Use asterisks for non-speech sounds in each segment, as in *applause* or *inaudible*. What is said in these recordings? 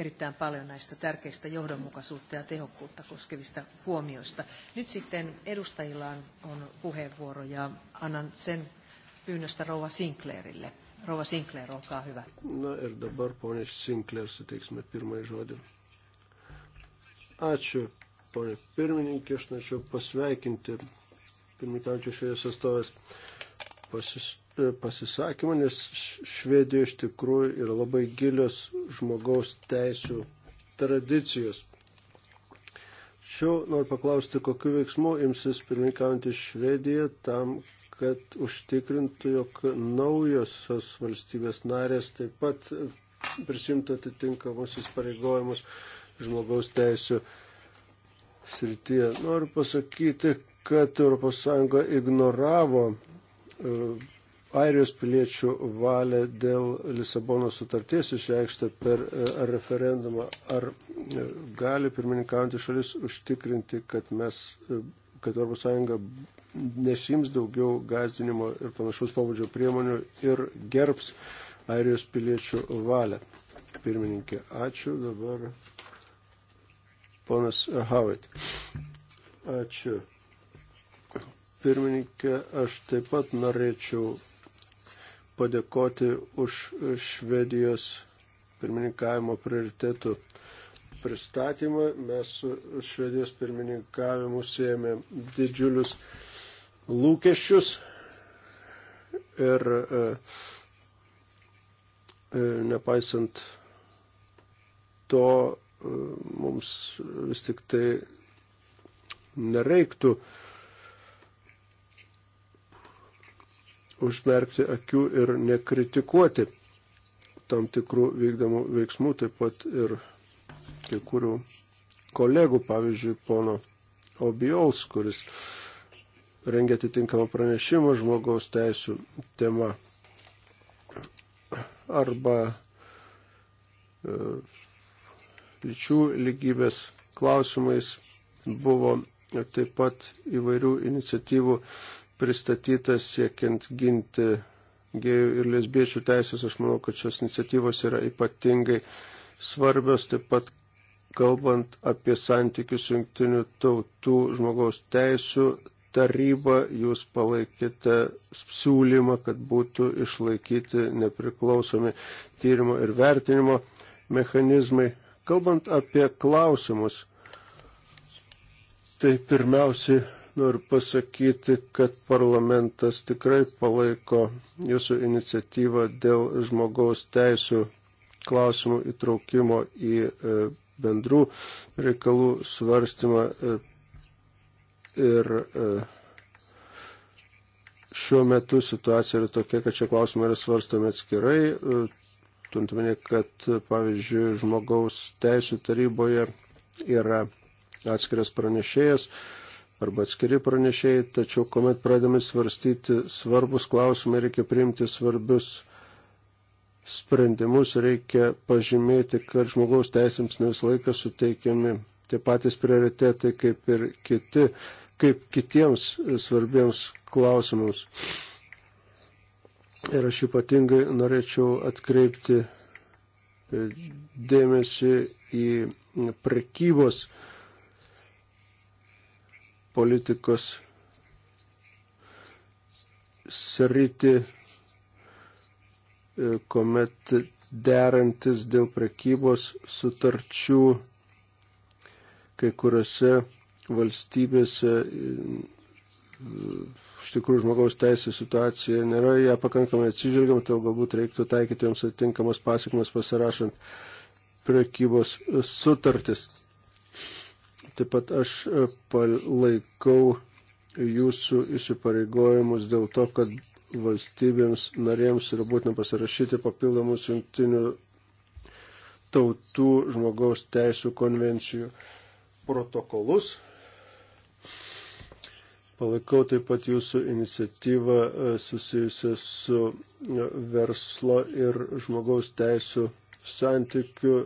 erittäin paljon näistä tärkeistä johdonmukaisuutta ja tehokkuutta koskevista huomioista. Nyt sitten edustajilla on puheenvuoro ja annan sen pyynnöstä rouva Sinclairille. Rouva Sinclair, olkaa hyvä. Na ir dabar, ponė Sinclair, suteiksime pirmąjį žodį. Ačiū, ponė pirmininkė, aš norėčiau pasveikinti pirmininkaujančių šalies atstovės pasis, E, pasisakymą, nes Švedijoje iš tikrųjų yra labai gilios žmogaus teisų tradicijos. Šiau noriu paklausti, kokiu veiksmu imsis pirmininkaujantį Švediją tam, kad užtikrintų, jog naujosios valstybės narės taip pat prisimtų atitinkamus įsipareigojimus žmogaus teisų srityje. Noriu pasakyti, kad ES ignoravo e, Airijos piliečių valią dėl Lisabono sutarties išreikštą per e, referendumą. Ar e, gali pirmininkaujantį šalis užtikrinti, kad mes, e, kad ES nesims daugiau gazdinimo ir panašaus pabudžio priemonių ir gerbs Airijos piliečių valią? Pirmininkė, ačiū. Dabar ponas Havit. Ačiū. Pirmininkė, aš taip pat norėčiau padėkoti už Švedijos pirmininkavimo prioritetų pristatymą. Mes su Švedijos pirmininkavimu siejame didžiulius lūkesčius ir e, e, nepaisant to e, mums vis tik tai nereiktų e, užmerkti akių ir nekritikuoti tam tikrų vykdomų veiksmų, taip pat ir kai kurių kolegų, pavyzdžiui, pono Obiols, kuris rengia atitinkamą pranešimą žmogaus teisų tema. Arba e, lyčių lygybės klausimais buvo taip pat įvairių iniciatyvų pristatytas siekiant ginti gėjų ir lesbiečių teisės. Aš manau, kad šios iniciatyvos yra ypatingai svarbios, taip pat kalbant apie santykius jungtinių tautų žmogaus teisų taryba, jūs palaikėte siūlymą, kad būtų išlaikyti nepriklausomi tyrimo ir vertinimo mechanizmai. Kalbant apie klausimus, tai pirmiausiai Noriu pasakyti, kad parlamentas tikrai palaiko jūsų iniciatyvą dėl žmogaus teisų klausimų įtraukimo į e, bendrų reikalų svarstymą e, ir e, šiuo metu situacija yra tokia, kad šie klausimai yra svarstami atskirai. Tuntumėnė, kad pavyzdžiui, žmogaus teisų taryboje yra atskiras pranešėjas arba atskiri pranešėjai, tačiau kuomet pradėme svarstyti svarbus klausimai, reikia priimti svarbius sprendimus, reikia pažymėti, kad žmogaus teisėms ne visą laiką suteikiami tie patys prioritetai kaip ir kiti, kaip kitiems svarbiems klausimams. Ir aš ypatingai norėčiau atkreipti dėmesį į prekybos uh, politikos sritį, e, kuomet derantis dėl prekybos sutarčių kai kuriuose valstybėse e, iš tikrųjų žmogaus teisė situacija nėra, ją pakankamai atsižvelgiam, tai galbūt reiktų taikyti joms atitinkamas pasiekmes pasirašant prekybos sutartis. Taip pat aš e, palaikau jūsų įsipareigojimus dėl to, kad valstybėms narėms yra būtina pasirašyti papildomus jungtinių tautų žmogaus teisų konvencijų protokolus. Palaikau taip pat jūsų iniciatyvą e, susijusią su e, verslo ir žmogaus teisų santykiu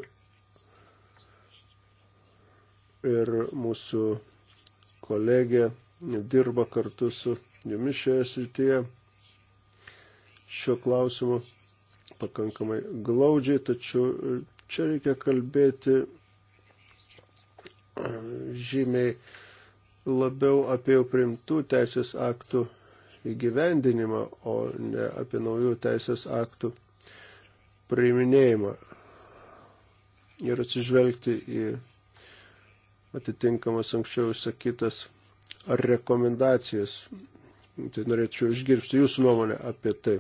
ir mūsų kolegė dirba kartu su jumis šioje srityje šiuo klausimu pakankamai glaudžiai, tačiau čia reikia kalbėti e, žymiai labiau apie jau primtų teisės aktų įgyvendinimą, o ne apie naujų teisės aktų priiminėjimą ir atsižvelgti į atitinkamas anksčiau išsakytas rekomendacijas. Tai norėčiau išgirsti jūsų nuomonę apie tai.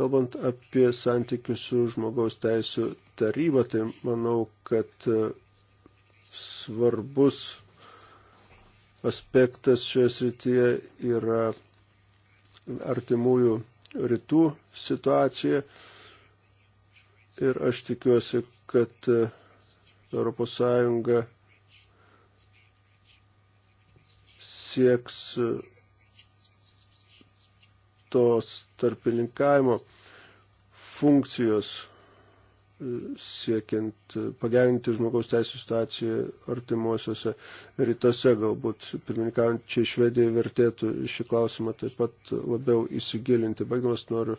Kalbant apie santykius su žmogaus teisų taryba, tai manau, kad e, svarbus aspektas šioje srityje yra artimųjų rytų situacija. Ir aš tikiuosi, kad ES sieks e, tos tarpininkavimo funkcijos e, siekiant e, pagerinti žmogaus teisų situaciją artimuosiuose rytuose. Galbūt pirmininkaujančiai Švedijai vertėtų šį klausimą taip pat labiau įsigilinti. Baigdamas noriu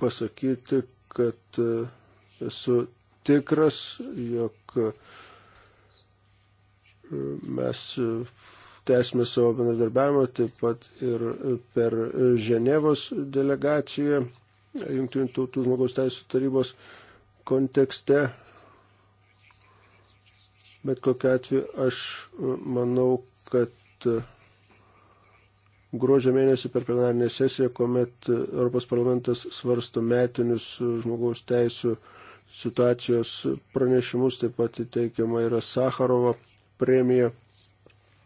pasakyti, kad esu tikras, jog e, mes tęsime savo bendradarbiavimą taip pat ir per Ženevos delegaciją Junktinių tautų žmogaus teisų tarybos kontekste. Bet kokiu atveju aš manau, kad gruodžio mėnesį per plenarinę sesiją, kuomet Europos parlamentas svarsto metinius žmogaus teisų situacijos pranešimus, taip pat įteikiama yra Sakarovo premija.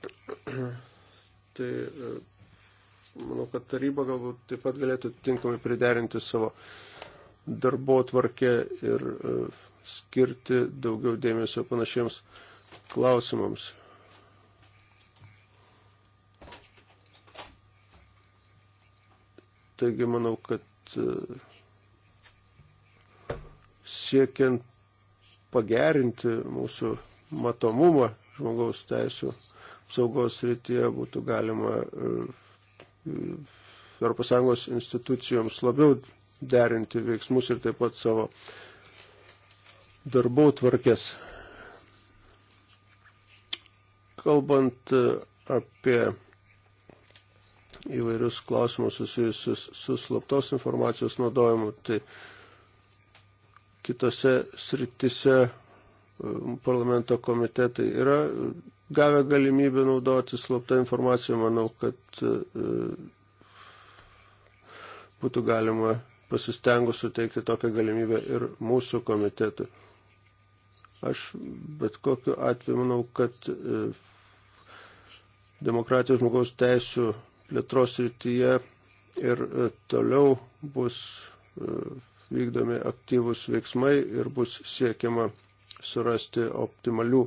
*clears throat* Tai e, manau, kad taryba galbūt taip pat galėtų tinkamai priderinti savo darbo tvarkę ir e, skirti daugiau dėmesio panašiems klausimams. Taigi manau, kad e, siekiant pagerinti mūsų matomumą žmogaus teisų apsaugos rytyje būtų galima ES institucijoms labiau derinti veiksmus ir taip pat savo darbų tvarkės. Kalbant e, apie įvairius klausimus susijusius su slaptos informacijos naudojimu, tai uh, kitose sritise e, parlamento komitetai yra gavę galimybę naudoti slaptą informaciją. Manau, kad e, būtų galima pasistengus suteikti tokią galimybę ir mūsų komitetui. Aš bet kokiu atveju manau, kad e, demokratijos žmogaus teisų plėtros rytyje ir toliau bus vykdomi aktyvus veiksmai ir bus siekiama surasti optimalių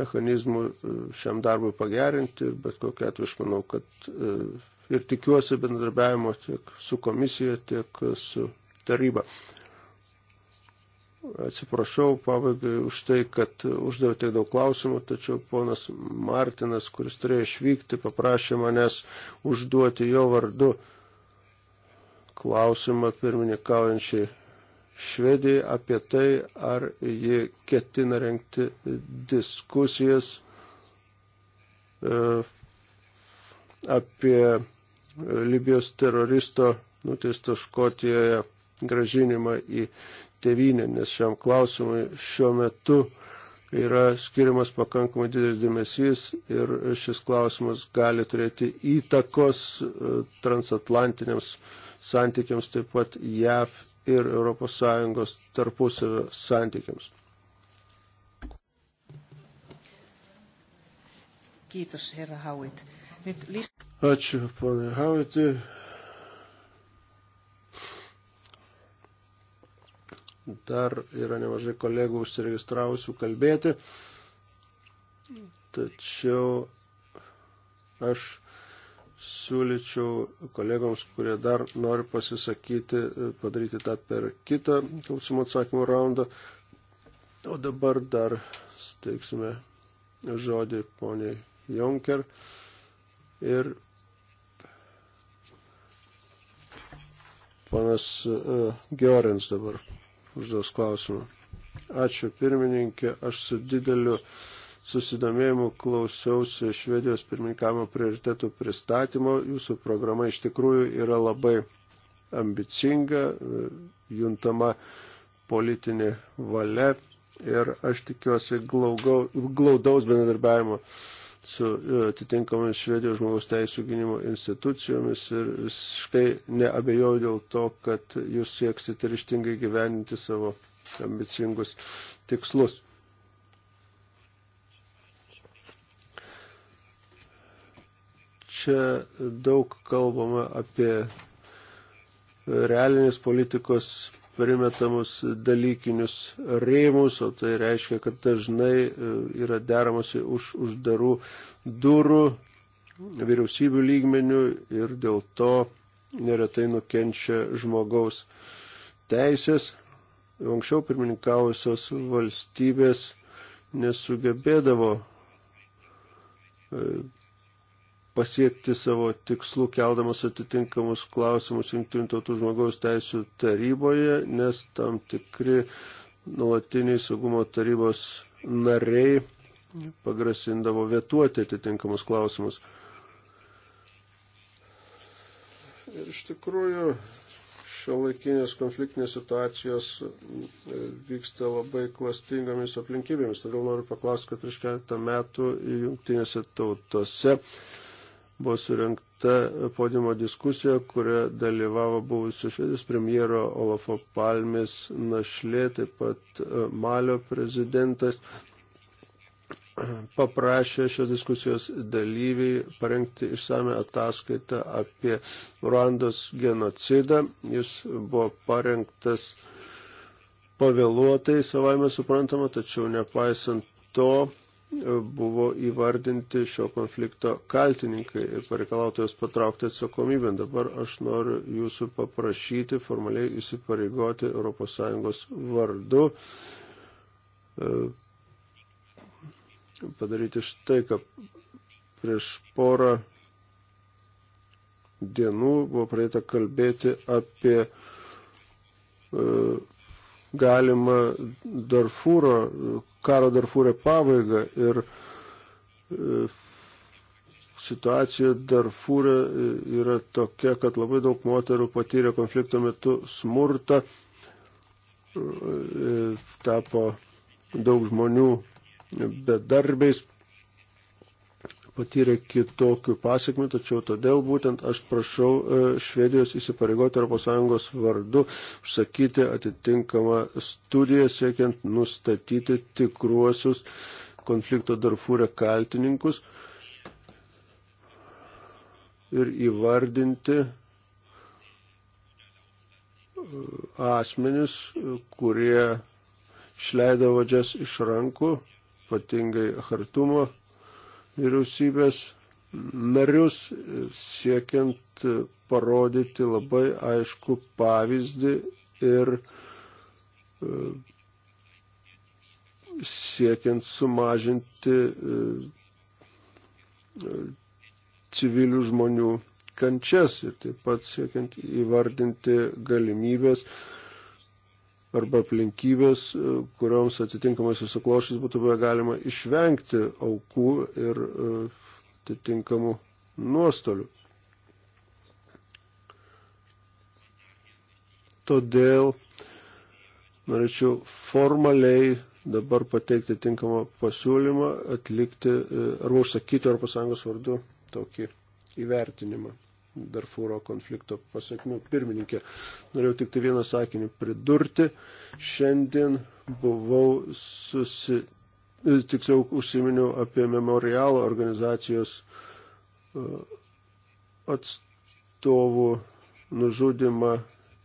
mechanizmų e, šiam darbui pagerinti, bet kokia atveju aš manau, kad e, ir tikiuosi bendradarbiavimo tiek su komisija, tiek su taryba. Atsiprašau pabaigai už tai, kad uždaviau tiek daug klausimų, tačiau ponas Martinas, kuris turėjo išvykti, paprašė manęs užduoti jo vardu klausimą pirmininkaujančiai Švedijai apie tai, ar ji ketina renkti diskusijas e, apie Libijos teroristo nuteisto Škotijoje gražinimą į tevinę, nes šiam klausimui šiuo metu yra skiriamas pakankamai didelis dėmesys ir šis klausimas gali turėti įtakos e, transatlantiniams santykiams, taip pat JAV ir ES tarpusavio santykiams. Kiitos, herra Hauit. Nyt list... Ačiū, ponai Hauitai. Dar yra nemažai kolegų užsiregistravusių kalbėti, tačiau aš siūlyčiau kolegoms, kurie dar nori pasisakyti, e, padaryti tą per kitą klausimų atsakymų raundą. O dabar dar steiksime žodį poniai Jonker ir panas uh, e, Giorins dabar užduos klausimą. Ačiū pirmininkė, aš su dideliu uh, susidomėjimu klausiausi Švedijos pirmininkavimo prioritetų pristatymo. Jūsų programa iš tikrųjų yra labai ambicinga, juntama politinė valia ir aš tikiuosi glaugau, glaudaus bendradarbiavimo su e, atitinkamomis Švedijos žmogaus teisų gynimo institucijomis ir visiškai neabejoju dėl to, kad jūs sieksite ryštingai gyveninti savo ambicingus tikslus. Čia daug kalbama apie realinės politikos primetamus dalykinius rėmus, o tai reiškia, kad dažnai e, yra deramasi už uždarų durų vyriausybių lygmenių ir dėl to neretai nukenčia žmogaus teisės. Anksčiau pirmininkavusios valstybės nesugebėdavo e, pasiekti savo tikslų, keldamas atitinkamus klausimus Junktinių tautų žmogaus teisų taryboje, nes tam tikri nuolatiniai saugumo tarybos nariai pagrasindavo vietuoti atitinkamus klausimus. Ir iš tikrųjų šio laikinės konfliktinės situacijos e, vyksta labai klastingomis aplinkybėmis. Todėl noriu paklausti, kad prieš keletą metų jungtinėse tautose buvo surinkta podimo diskusija, kurioje dalyvavo buvusių švedijos premjero Olafo Palmės našlė, taip pat e, Malio prezidentas. Paprašė šios diskusijos dalyviai parengti išsame ataskaitą apie Ruandos genocidą. Jis buvo parengtas pavėluotai, savai mes suprantama, tačiau nepaisant to buvo įvardinti šio konflikto kaltininkai ir pareikalautojas patraukti atsakomybę. Dabar aš noriu jūsų paprašyti formaliai įsipareigoti ES vardu e, padaryti štai, kad prieš porą dienų buvo pradėta kalbėti apie e, galima Darfūro, karo Darfūrė pabaigą ir e, situacija Darfūrė e, yra tokia, kad labai daug moterų patyrė konflikto metu smurtą, e, tapo daug žmonių bedarbiais patyrė kitokių pasiekmių, tačiau todėl būtent aš prašau e, Švedijos įsipareigoti ES vardu, užsakyti atitinkamą studiją siekiant nustatyti tikruosius konflikto darfūrę kaltininkus ir įvardinti e, asmenis, kurie išleido vadžias iš rankų, ypatingai Hartumo vyriausybės narius, siekiant parodyti labai aišku pavyzdį ir e, siekiant sumažinti e, civilių žmonių kančias ir taip pat siekiant įvardinti galimybės uh, arba aplinkybės, e, kurioms atitinkamai susiklošys būtų buvę galima išvengti aukų ir e, atitinkamų nuostolių. Todėl norėčiau formaliai dabar pateikti tinkamą pasiūlymą, atlikti e, arba užsakyti Europos Sąjungos vardu tokį įvertinimą. Darfūro konflikto pasiekmių pirmininkė. Norėjau tik tai vieną sakinį pridurti. Šiandien buvau susi... E, tiksliau užsiminiau apie memorialo organizacijos e, atstovų nužudimą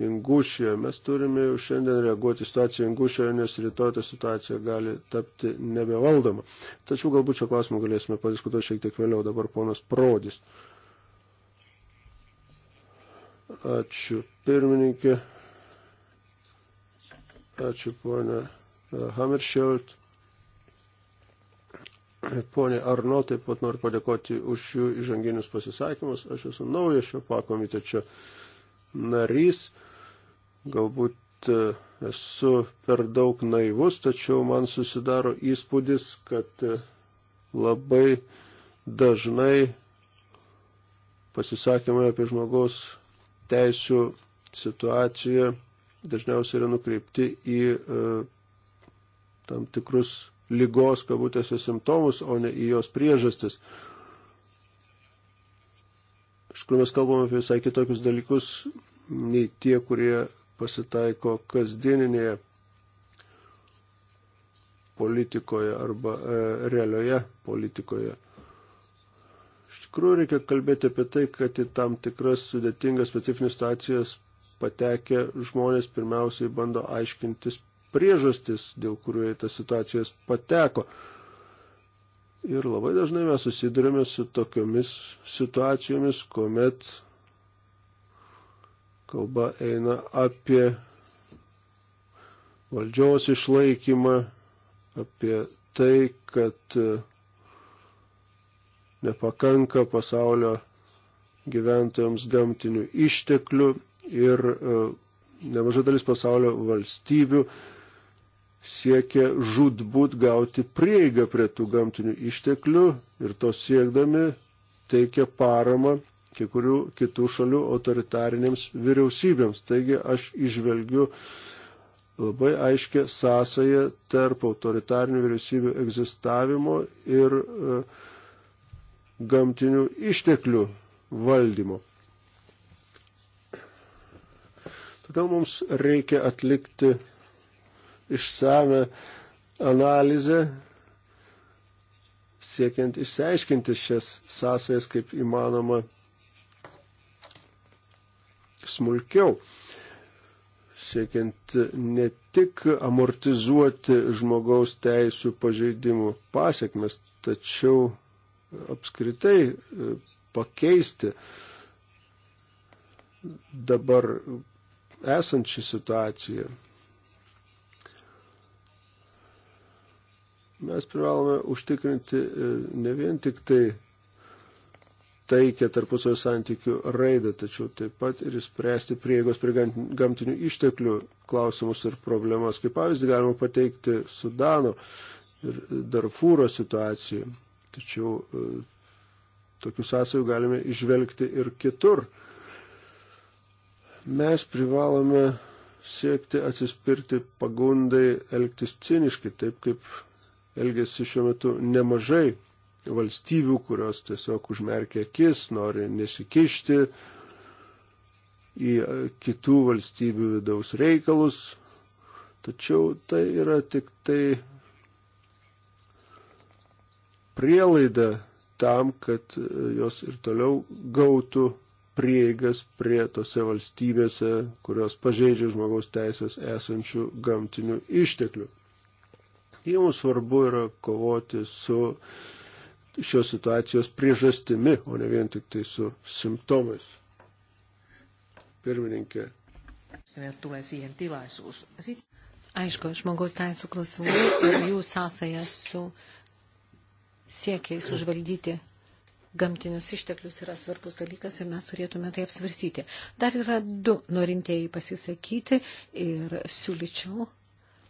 Ingušijoje. Mes turime jau šiandien reaguoti situaciją Ingušijoje, nes rytoj ta situacija gali tapti nebevaldoma. Tačiau galbūt šio klausimo galėsime padiskutuoti šiek tiek vėliau. Dabar ponas Prodis. Uh, Ačiū pirmininkė. Ačiū ponė e, Hammerschild. Pone Arno, taip pat noriu padėkoti už jų įžanginius pasisakymus. Aš esu naujas šio pakomitečio narys. Galbūt e, esu per daug naivus, tačiau man susidaro įspūdis, kad e, labai dažnai pasisakymai apie žmogaus teisų situacija dažniausiai yra nukreipti į e, tam tikrus lygos kabutėse simptomus, o ne į jos priežastis. Iš kur mes kalbame apie visai kitokius dalykus, nei tie, kurie pasitaiko kasdieninėje politikoje arba e, realioje politikoje tikrųjų reikia kalbėti apie tai, kad į tam tikras sudėtingas specifinius situacijas patekę žmonės pirmiausiai bando aiškintis priežastis, dėl kurių į tas situacijas pateko. Ir labai dažnai mes susidurime su tokiomis situacijomis, kuomet kalba eina apie valdžios išlaikymą, apie tai, kad nepakanka pasaulio gyventojams gamtinių išteklių ir e, nemaža dalis pasaulio valstybių siekia žudbūt gauti prieigą prie tų gamtinių išteklių ir to siekdami teikia paramą kiekvienų kitų šalių autoritarinėms vyriausybėms. Taigi aš išvelgiu labai aiškia sąsaja tarp autoritarinių vyriausybių egzistavimo ir uh, gamtinių išteklių valdymo. Todėl mums reikia atlikti išsame analizę, siekiant išsiaiškinti šias sąsajas kaip įmanoma smulkiau, siekiant ne tik amortizuoti žmogaus teisų pažeidimų pasiekmes, tačiau apskritai e, pakeisti dabar esančią situaciją. Mes privalome užtikrinti e, ne vien tik tai taikę tarpusavio santykių raidą, tačiau taip pat ir spręsti prieigos prie gamtinių išteklių klausimus ir problemas. Kaip pavyzdį galima pateikti Sudano ir Darfūro situaciją. Tačiau e, tokių sąsajų galime išvelgti ir kitur. Mes privalome siekti atsispirti pagundai elgtis ciniškai, taip kaip elgesi šiuo metu nemažai valstybių, kurios tiesiog užmerkia akis, nori nesikišti į kitų valstybių vidaus reikalus. Tačiau tai yra tik tai prielaidą tam, kad e, jos ir toliau gautų prieigas prie tose valstybėse, kurios pažeidžia žmogaus teisės esančių gamtinių išteklių. Jums svarbu yra kovoti su šios situacijos priežastimi, o ne vien tik tai su simptomais. Pirmininkė. Aišku, žmogaus teisų klausimai ir jų sąsaja su siekiais užvaldyti gamtinius išteklius yra svarbus dalykas ir mes turėtume tai apsvarstyti. Dar yra du norintieji pasisakyti ir siūlyčiau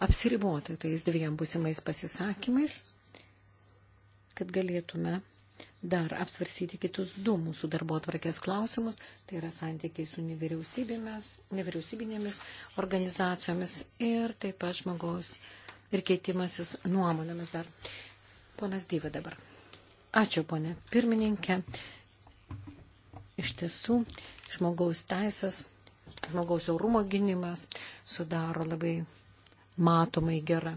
apsiriboti tais dviem būsimais pasisakymais, kad galėtume dar apsvarsyti kitus du mūsų darbo atvarkės klausimus, tai yra santykiai su nevyriausybinėmis organizacijomis ir taip pat žmogaus ir keitimasis nuomonėmis dar. Ponas Dyva dabar. Ačiū, ponė pirmininkė. Iš tiesų, žmogaus teisės, žmogaus orumo gynimas sudaro labai matomai gerą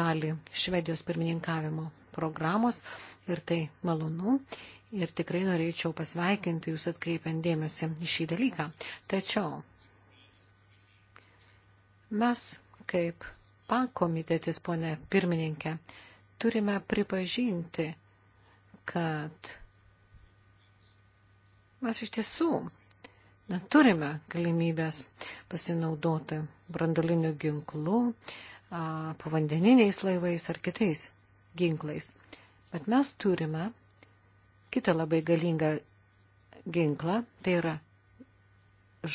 dalį Švedijos pirmininkavimo programos ir tai malonu. Ir tikrai norėčiau pasveikinti jūs atkreipiant dėmesį į šį dalyką. Tačiau mes kaip pakomitetis, ponė pirmininkė, turime pripažinti, kad mes iš tiesų neturime galimybės pasinaudoti brandoliniu ginklu, povandeniniais laivais ar kitais ginklais. Bet mes turime kitą labai galingą ginklą, tai yra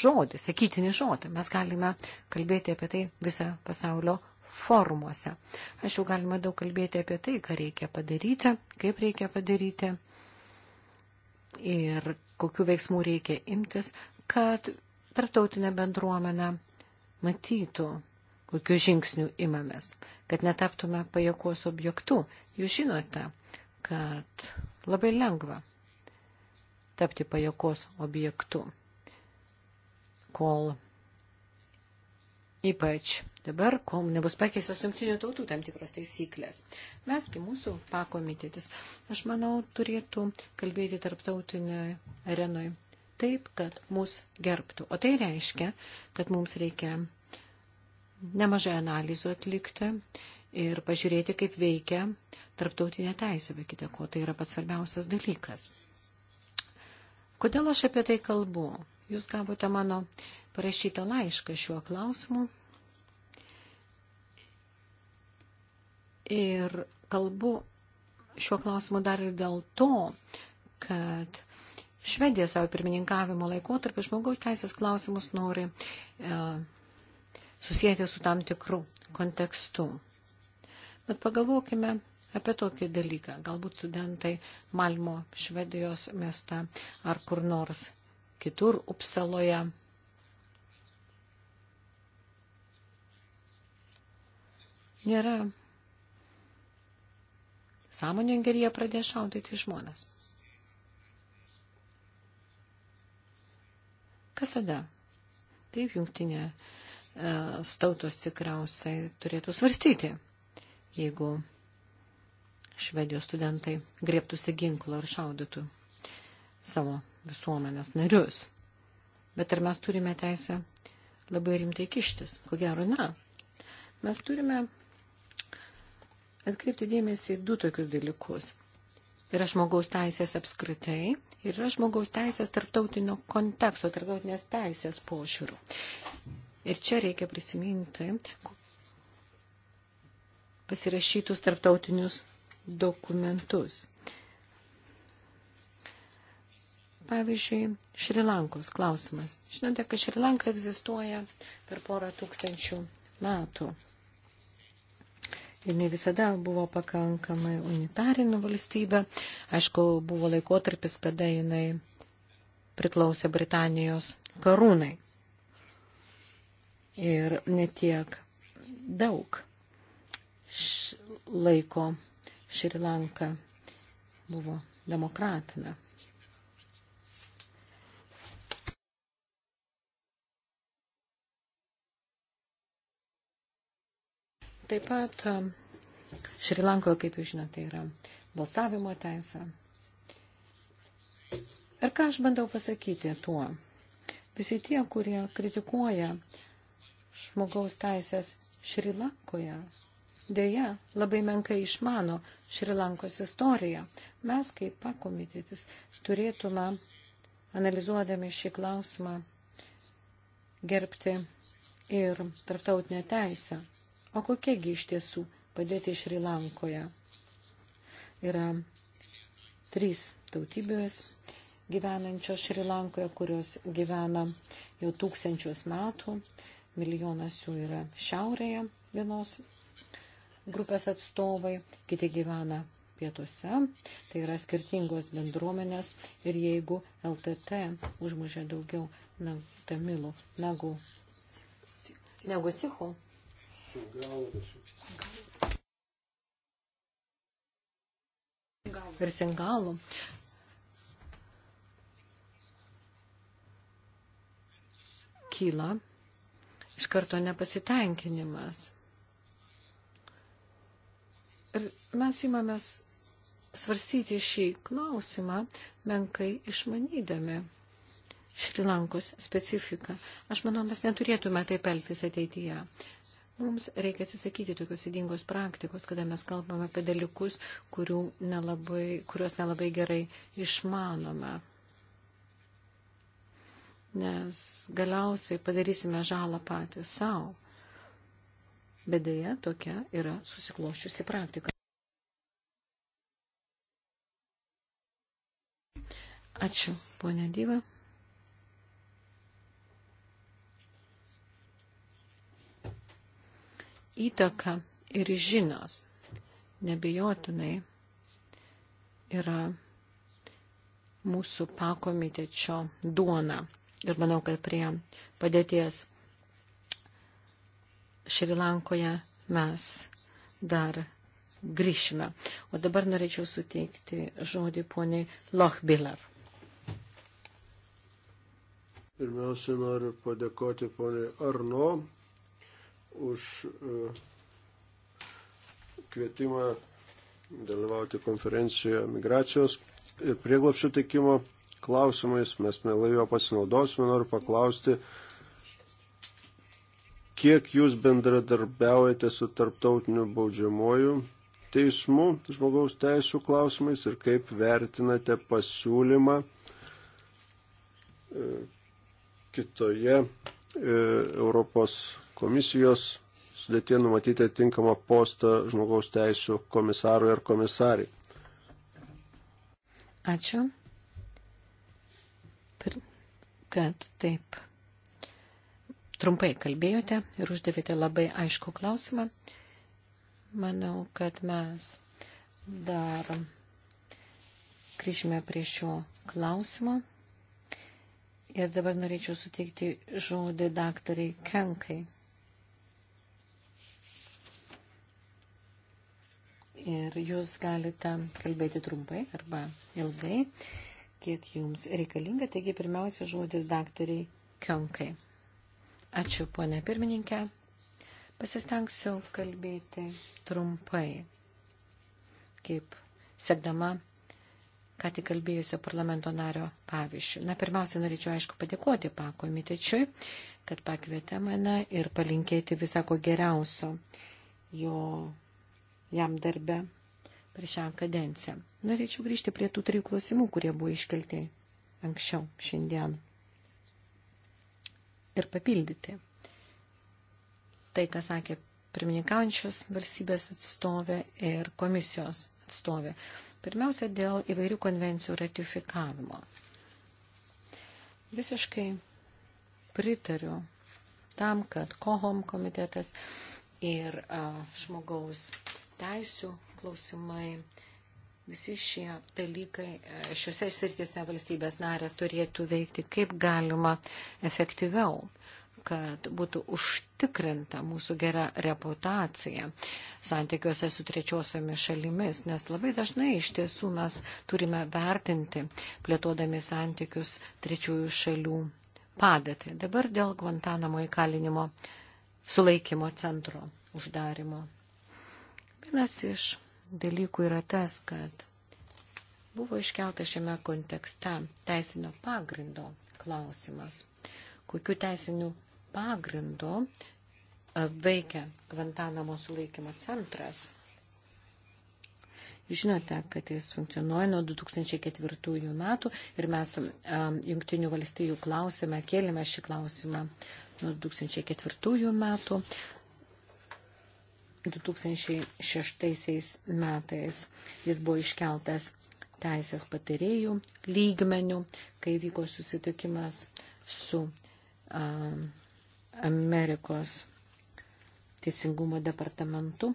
žodį, sakytinį žodį. Mes galime kalbėti apie tai visą pasaulio formuose. Aš jau galima daug kalbėti apie tai, ką reikia padaryti, kaip reikia padaryti ir kokiu veiksmu reikia imtis, kad tarptautinė bendruomenė matytų, kokiu žingsniu imamės, kad netaptume pajokos objektų. Jūs žinote, kad labai lengva tapti pajokos objektu, kol ypač dabar, kol nebus pakeistos jungtinių tautų tam tikros taisyklės. Mesgi mūsų pakomitėtis, aš manau, turėtų kalbėti tarptautinėje arenoje taip, kad mus gerbtų. O tai reiškia, kad mums reikia nemažai analizų atlikti ir pažiūrėti, kaip veikia tarptautinė teisė, be kitė ko, tai yra pats svarbiausias dalykas. Kodėl aš apie tai kalbu? Jūs gavote mano parašytą laišką šiuo klausimu Ir kalbu šiuo klausimu dar ir dėl to, kad Švedija savo pirmininkavimo laikotarpį žmogaus teisės klausimus nori e, susijęti su tam tikru kontekstu. Bet pagalvokime apie tokį dalyką. Galbūt studentai Malmo Švedijos mieste ar kur nors kitur Upsaloje. Nėra sąmoningai ir jie pradės šaudyti žmonės. Kas tada? Taip, jungtinė stautos e, tikriausiai turėtų svarstyti, jeigu švedijos studentai griebtųsi ginklo ir šaudytų savo visuomenės narius. Bet ar mes turime teisę labai rimtai kištis? Ko gero, ne. Mes turime atkreipti dėmesį į du tokius dalykus. Yra žmogaus teisės apskritai ir yra žmogaus teisės tarptautinio konteksto, tarptautinės teisės pošiūrų. Ir čia reikia prisiminti pasirašytus tarptautinius dokumentus. Pavyzdžiui, Šrilankos klausimas. Žinote, kad Šrilanka egzistuoja per porą tūkstančių metų jinai visada buvo pakankamai unitarinė valstybė. Aišku, buvo laikotarpis, kada jinai priklausė Britanijos karūnai. Ir netiek daug š, laiko Šrilanka buvo demokratina. Taip pat um, Šrilankoje, kaip jūs žinote, yra balsavimo teisė. Ir ką aš bandau pasakyti tuo? Visi tie, kurie kritikuoja žmogaus teisės Šrilankoje, dėja labai menkai išmano Šrilankos istoriją. Mes kaip pakomitėtis turėtume, analizuodami šį klausimą, gerbti ir tarptautinę teisę. O kokiagi iš tiesų padėti Šri Lankoje? Yra trys tautybės gyvenančios Šri Lankoje, kurios gyvena jau tūkstančius metų. Milijonas jų yra šiaurėje vienos grupės atstovai, kiti gyvena pietuose, tai yra skirtingos bendruomenės ir jeigu LTT užmužė daugiau tamilų negu, negu sichų, Ir singalų. Kyla iš karto nepasitenkinimas. Ir mes įmamės svarstyti šį klausimą menkai išmanydami Šrilankos specifiką. Aš manau, mes neturėtume taip elgtis ateityje. Mums reikia atsisakyti tokios įdingos praktikos, kada mes kalbame apie dalykus, nelabai, kuriuos nelabai gerai išmanome. Nes galiausiai padarysime žalą patį savo. Bedėje tokia yra susikloščiusi praktika. Ačiū, ponė Dyva. įtaka ir žinios nebejotinai yra mūsų pakomitečio duona. Ir manau, kad prie padėties Šrilankoje mes dar grįšime. O dabar norėčiau suteikti žodį poniai Lochbiller. Pirmiausia, noriu padėkoti poniai Arno už e, kvietimą dalyvauti konferencijoje migracijos ir prieglapšio teikimo klausimais. Mes mielai jo pasinaudosime. Noriu paklausti, kiek jūs bendradarbiaujate su tarptautiniu baudžiamoju teismu žmogaus teisų klausimais ir kaip vertinate pasiūlymą e, kitoje e, Europos komisijos sudėtie numatyti atinkamą postą žmogaus teisų komisarui ar komisariai. Ačiū, kad taip trumpai kalbėjote ir uždavėte labai aišku klausimą. Manau, kad mes dar grįžime prie šio klausimo. Ir dabar norėčiau suteikti žodį daktariai Kenkai. ir jūs galite kalbėti trumpai arba ilgai, kiek jums reikalinga. Taigi, pirmiausia, žodis daktariai Kionkai. Ačiū, ponė pirmininkė. Pasistengsiu kalbėti trumpai, kaip sekdama ką tik kalbėjusio parlamento nario pavyzdžių. Na, pirmiausia, norėčiau, aišku, padėkoti pakomitečiui, kad pakvietė mane ir palinkėti visako geriausio jo jam darbe per šią kadenciją. Norėčiau grįžti prie tų trijų klausimų, kurie buvo iškelti anksčiau šiandien ir papildyti tai, ką sakė pirmininkaujančios valstybės atstovė ir komisijos atstovė. Pirmiausia, dėl įvairių konvencijų ratifikavimo. Visiškai pritariu tam, kad KOHOM komitetas ir a, žmogaus teisų klausimai, visi šie dalykai e, šiuose srityse valstybės narės turėtų veikti kaip galima efektyviau kad būtų užtikrinta mūsų gera reputacija santykiuose su trečiosiomis šalimis, nes labai dažnai iš tiesų mes turime vertinti, plėtodami santykius trečiųjų šalių padėtį. Dabar dėl Guantanamo įkalinimo sulaikymo centro uždarimo. Vienas iš dalykų yra tas, kad buvo iškeltas šiame kontekste teisinio pagrindo klausimas. Kokiu teisiniu pagrindu e, veikia Kvantanamo sulaikymo centras? Žinote, kad jis funkcionuoja nuo 2004 metų ir mes e, jungtinių valstybių klausime, kėlėme šį klausimą nuo 2004 metų. 2006 metais. Jis buvo iškeltas teisės patarėjų lygmenių, kai vyko susitikimas su a, Amerikos teisingumo departamentu.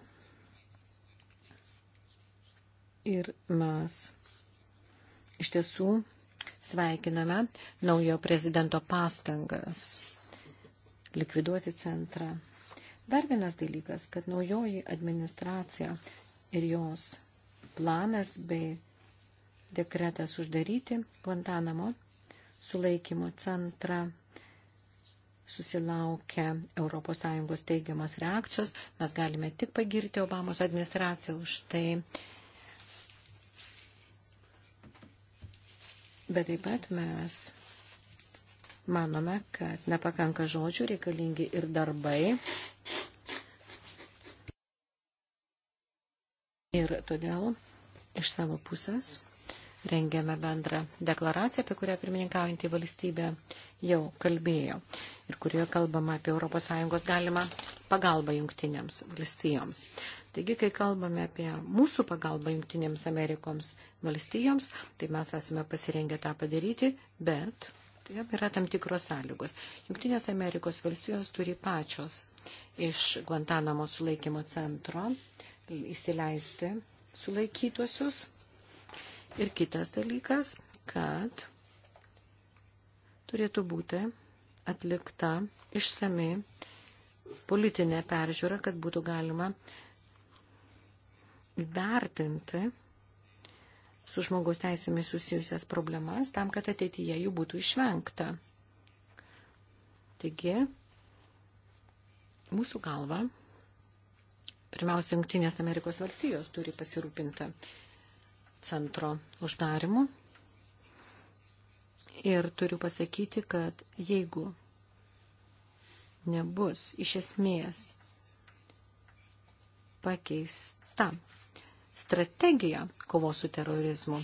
Ir mes iš tiesų sveikiname naujo prezidento pastangas likviduoti centrą Dar vienas dalykas, kad naujoji administracija ir jos planas bei dekretas uždaryti Guantanamo sulaikymo centrą susilaukia ES teigiamos reakcijos. Mes galime tik pagirti Obamos administraciją už tai. Bet taip pat mes Manome, kad nepakanka žodžių, reikalingi ir darbai. Ir todėl iš savo pusės rengėme bendrą deklaraciją, apie kurią pirmininkaujantį valstybę jau kalbėjo ir kurioje kalbama apie ES galimą pagalbą jungtinėms valstijoms. Taigi, kai kalbame apie mūsų pagalbą jungtinėms Amerikoms valstijoms, tai mes esame pasirengę tą padaryti, bet Tai yra tam tikros sąlygos. Junktinės Amerikos valstijos turi pačios iš Guantanamo sulaikymo centro įsileisti sulaikytuosius. Ir kitas dalykas, kad turėtų būti atlikta išsami politinė peržiūra, kad būtų galima vertinti su žmogaus teisėmis susijusias problemas, tam, kad ateityje jų būtų išvengta. Taigi, mūsų galva, pirmiausia, Junktinės Amerikos valstijos turi pasirūpinti centro uždarimu. Ir turiu pasakyti, kad jeigu nebus iš esmės pakeista strategiją kovos su terorizmu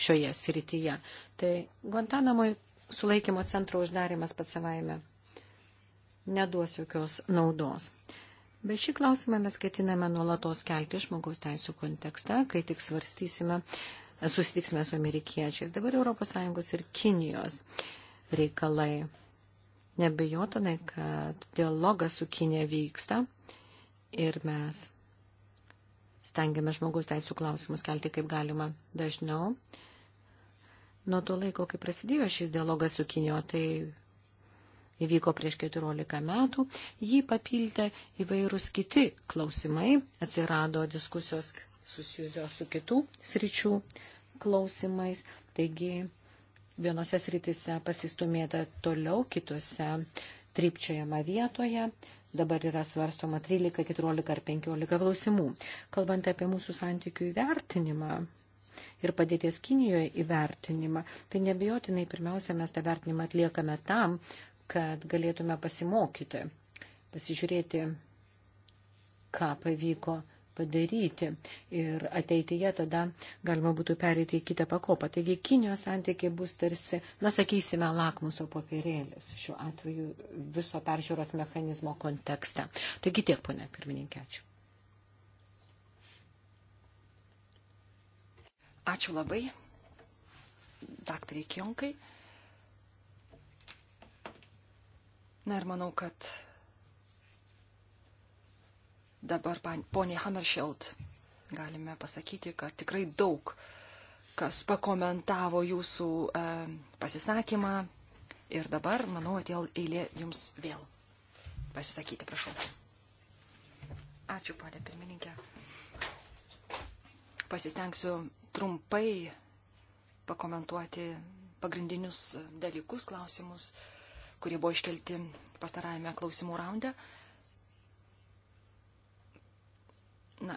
šioje srityje. Tai Guantanamo sulaikymo centro uždarimas pats savaime neduos jokios naudos. Bet šį klausimą mes ketiname nuolatos kelti žmogaus teisų kontekste, kai tik svarstysime, susitiksime su amerikiečiais. Dabar ES ir Kinijos reikalai. Nebejotinai, kad dialogas su Kinė vyksta ir mes stengiame žmogus teisų klausimus kelti kaip galima dažniau. Nuo to laiko, kai prasidėjo šis dialogas su Kinio, tai įvyko prieš 14 metų, jį papildė įvairūs kiti klausimai, atsirado diskusijos susijusios su kitų sričių klausimais, taigi vienose sritise pasistumėta toliau, kitose trypčiojama vietoje Dabar yra svarstoma 13, 14 ar 15 klausimų. Kalbant apie mūsų santykių įvertinimą ir padėties Kinijoje įvertinimą, tai nebejotinai pirmiausia mes tą vertinimą atliekame tam, kad galėtume pasimokyti, pasižiūrėti, ką pavyko padaryti ir ateityje tada galima būtų pereiti į kitą pakopą. Taigi Kinijos santykiai bus tarsi, na sakysime, lakmuso popierėlis šiuo atveju viso peržiūros mechanizmo kontekste. Taigi tiek, ponė pirmininkė, ačiū. Ačiū labai, daktarai Kionkai. Na ir manau, kad Dabar ponė Hammerschild galime pasakyti, kad tikrai daug kas pakomentavo jūsų e, pasisakymą ir dabar, manau, atėjo eilė jums vėl pasisakyti, prašau. Ačiū, ponė pirmininkė. Pasistengsiu trumpai pakomentuoti pagrindinius dalykus, klausimus, kurie buvo iškelti pastarajame klausimų raunde. E, Na,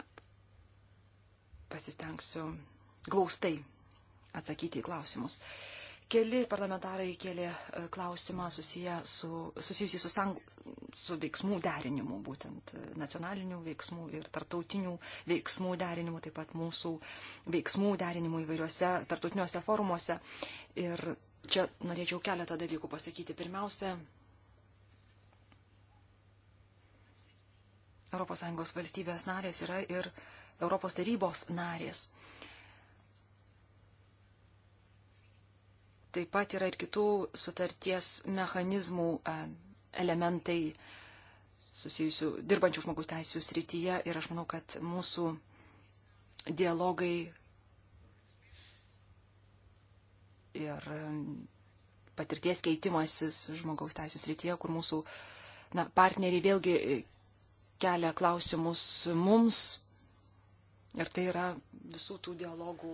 pasistengsiu glaustai atsakyti į klausimus. Keli parlamentarai kėlė e, klausimą susiję su, susijusi su, sang, su veiksmų derinimu, būtent e, nacionalinių veiksmų ir tarptautinių veiksmų derinimu, taip pat mūsų veiksmų derinimu įvairiuose tarptautiniuose forumuose. Ir čia norėčiau keletą dalykų pasakyti. Pirmiausia, ES valstybės narės yra ir Europos tarybos narės. Taip pat yra ir kitų sutarties mechanizmų e, elementai susijusių dirbančių žmogus teisų srityje ir aš manau, kad mūsų dialogai ir patirties keitimasis žmogaus teisų srityje, kur mūsų na, partneriai vėlgi kelia klausimus mums. Ir tai yra visų tų dialogų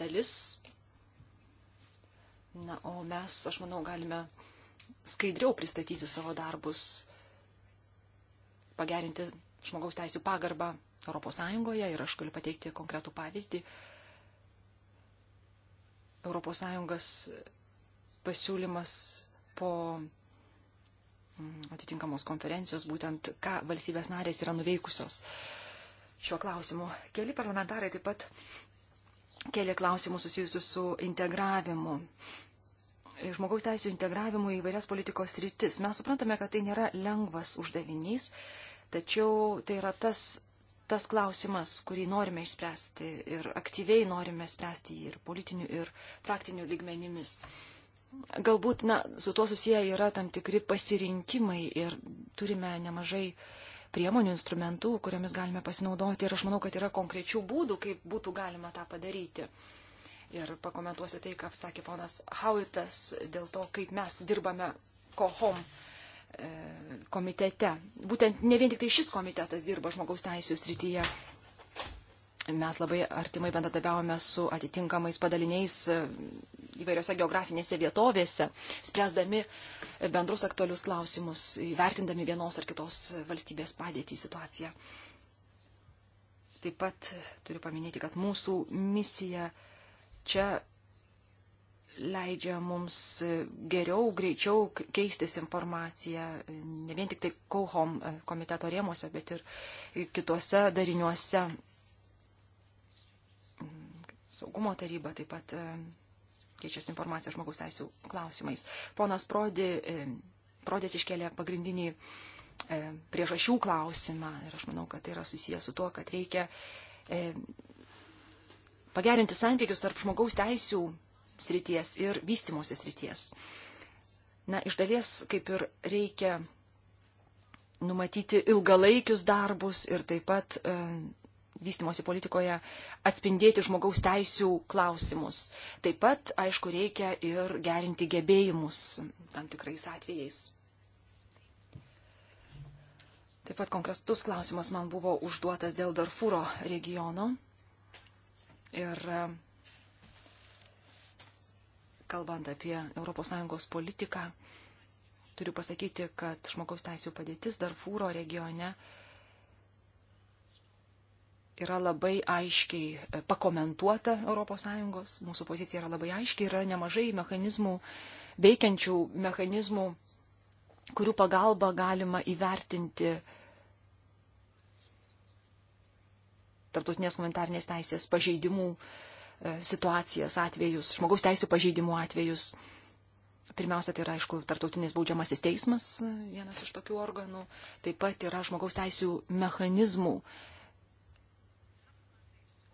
dalis. Na, o mes, aš manau, galime skaidriau pristatyti savo darbus, pagerinti žmogaus teisų pagarbą Europos Sąjungoje ir aš galiu pateikti konkretų pavyzdį. Europos Sąjungos pasiūlymas po Mhm. atitinkamos konferencijos, būtent ką valstybės narės yra nuveikusios šiuo klausimu. Keli parlamentarai taip pat kėlė klausimus susijusius su integravimu. Žmogaus teisų integravimu į vairias politikos rytis. Mes suprantame, kad tai nėra lengvas uždavinys, tačiau tai yra tas, tas klausimas, kurį norime išspręsti ir aktyviai norime spręsti jį ir politiniu, ir praktiniu lygmenimis. Uh, galbūt, na, su tuo susiję yra tam tikri pasirinkimai ir turime nemažai priemonių, instrumentų, kuriomis galime pasinaudoti ir aš manau, kad yra konkrečių būdų, kaip būtų galima tą padaryti. Ir pakomentuosiu tai, ką sakė ponas Hauitas dėl to, kaip mes dirbame kohom e, komitete. Būtent ne vien tik tai šis komitetas dirba žmogaus teisų srityje, mes labai artimai bendradabiavome su atitinkamais padaliniais e, įvairiose geografinėse vietovėse, spręsdami bendrus aktualius klausimus, įvertindami vienos ar kitos valstybės padėtį situaciją. Taip pat turiu paminėti, kad mūsų misija čia leidžia mums geriau, greičiau keistis informaciją, ne vien tik tai KOHOM e, komiteto rėmuose, bet ir kituose dariniuose Saugumo taryba taip pat e, keičiasi informacija žmogaus teisų klausimais. Ponas Prodi, e, Prodis iškėlė pagrindinį e, priežasčių klausimą ir aš manau, kad tai yra susijęs su tuo, kad reikia pagerinti santykius tarp žmogaus teisų srities ir vystimosi srities. Na, iš dalies kaip ir reikia numatyti ilgalaikius darbus ir taip pat vystimosi politikoje atspindėti žmogaus teisų klausimus. Taip pat, aišku, reikia ir gerinti gebėjimus tam tikrais atvejais. Taip pat konkretus klausimas man buvo užduotas dėl Darfūro regiono. Ir kalbant apie ES politiką, turiu pasakyti, kad žmogaus teisų padėtis Darfūro regione uh, yra labai aiškiai e, pakomentuota ES, mūsų pozicija yra labai aiškiai, yra nemažai mechanizmų, veikiančių mechanizmų, kurių pagalba galima įvertinti tarptautinės humanitarnės teisės pažeidimų e, situacijas, atvejus, žmogaus teisų pažeidimų atvejus. Pirmiausia, tai yra, aišku, tartautinis baudžiamasis teismas, e, vienas iš tokių organų. Taip pat yra žmogaus teisų mechanizmų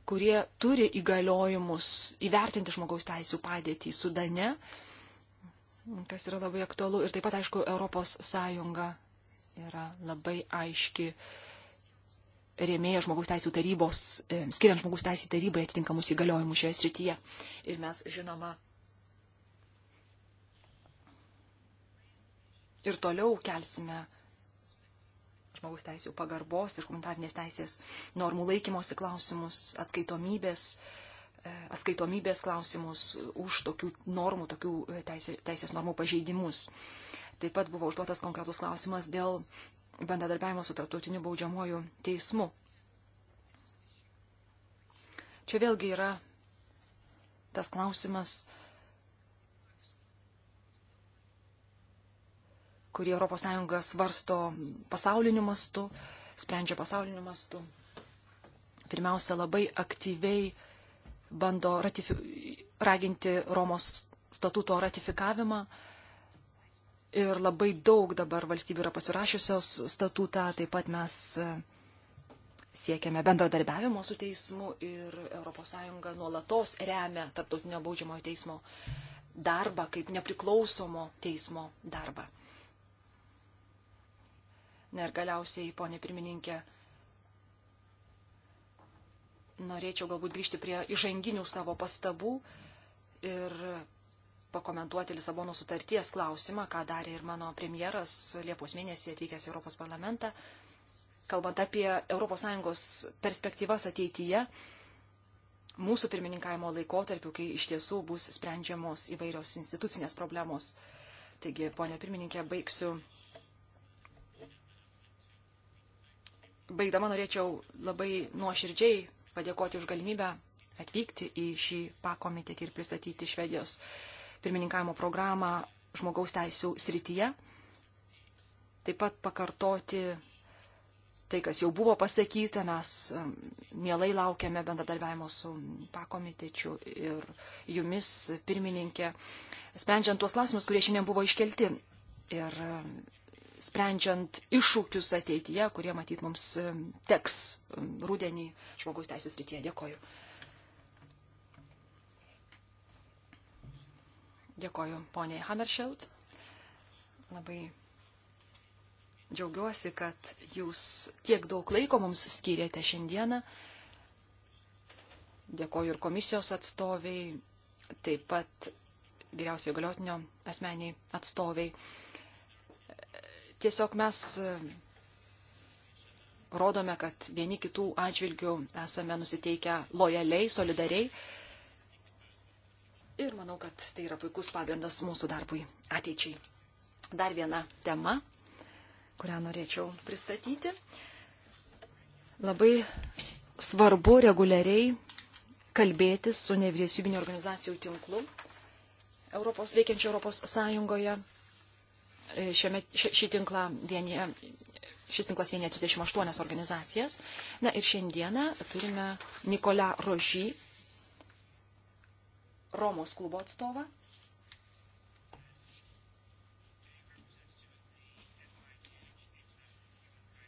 kurie turi įgaliojimus įvertinti žmogaus teisų padėtį Sudane, kas yra labai aktualu. Ir taip pat, aišku, ES yra labai aiški rėmėja žmogaus teisų tarybos, e, skiriant žmogaus teisų tarybai atitinkamus įgaliojimus šioje srityje. Ir mes, žinoma, ir toliau kelsime žmogaus teisų pagarbos ir humanitarnės teisės normų laikymosi klausimus, atskaitomybės, e, atskaitomybės klausimus už tokių normų, tokių e, teisės, teisės normų pažeidimus. Taip pat buvo užduotas konkretus klausimas dėl bendradarbiavimo su tarptautiniu baudžiamuoju teismu. Čia vėlgi yra tas klausimas, kurį ES svarsto pasauliniu mastu, sprendžia pasauliniu mastu. Pirmiausia, labai aktyviai bando ratifi... raginti Romos statuto ratifikavimą. Ir labai daug dabar valstybių yra pasirašiusios statutą, taip pat mes e, siekiame bendradarbiavimo su teismu ir ES nuolatos remia tarptautinio baudžiamojo teismo darbą kaip nepriklausomo teismo darbą. Na ir galiausiai, ponė pirmininkė, norėčiau galbūt grįžti prie įžanginių savo pastabų ir pakomentuoti Lisabono sutarties klausimą, ką darė ir mano premjeras Liepos mėnesį atvykęs į Europos parlamentą. Kalbant apie ES perspektyvas ateityje, mūsų pirmininkavimo laikotarpiu, kai iš tiesų bus sprendžiamos įvairios institucinės problemos. Taigi, ponė pirmininkė, baigsiu baigdama norėčiau labai nuoširdžiai padėkoti už galimybę atvykti į šį pakomitetį ir pristatyti Švedijos pirmininkavimo programą žmogaus teisų srityje. Taip pat pakartoti tai, kas jau buvo pasakyta, mes um, mielai laukiame bendradarbiavimo su pakomitečiu ir jumis, pirmininkė, sprendžiant tuos klausimus, kurie šiandien buvo iškelti. Ir um, sprendžiant iššūkius ateityje, kurie matyt mums teks rūdienį žmogaus teisės rytyje. Dėkoju. Dėkoju poniai Hammerschild. Labai džiaugiuosi, kad jūs tiek daug laiko mums skyrėte šiandieną. Dėkoju ir komisijos atstoviai, taip pat vyriausiojo galiotinio asmeniai atstoviai. Tiesiog mes e, rodome, kad vieni kitų atžvilgių esame nusiteikę lojaliai, solidariai. Ir manau, kad tai yra puikus pagrindas mūsų darbui ateičiai. Dar viena tema, kurią norėčiau pristatyti. Labai svarbu reguliariai kalbėtis su nevyriausybinio organizacijų tinklu Europos veikiančio Europos Sąjungoje šiame, ši, šį tinklą vienyje, šis tinklas vienyje 38 organizacijas. Na ir šiandieną turime Nikola Rožį, Romos klubo atstovą.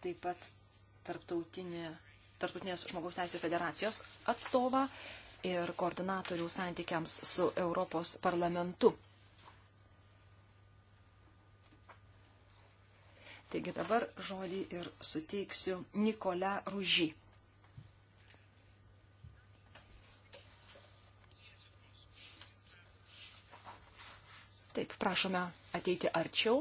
Taip pat tarptautinė, Tarptautinės žmogaus teisų federacijos atstovą ir koordinatorių santykiams su Europos parlamentu Taigi dabar žodį ir suteiksiu Nikola Ružy. Taip, prašome ateiti arčiau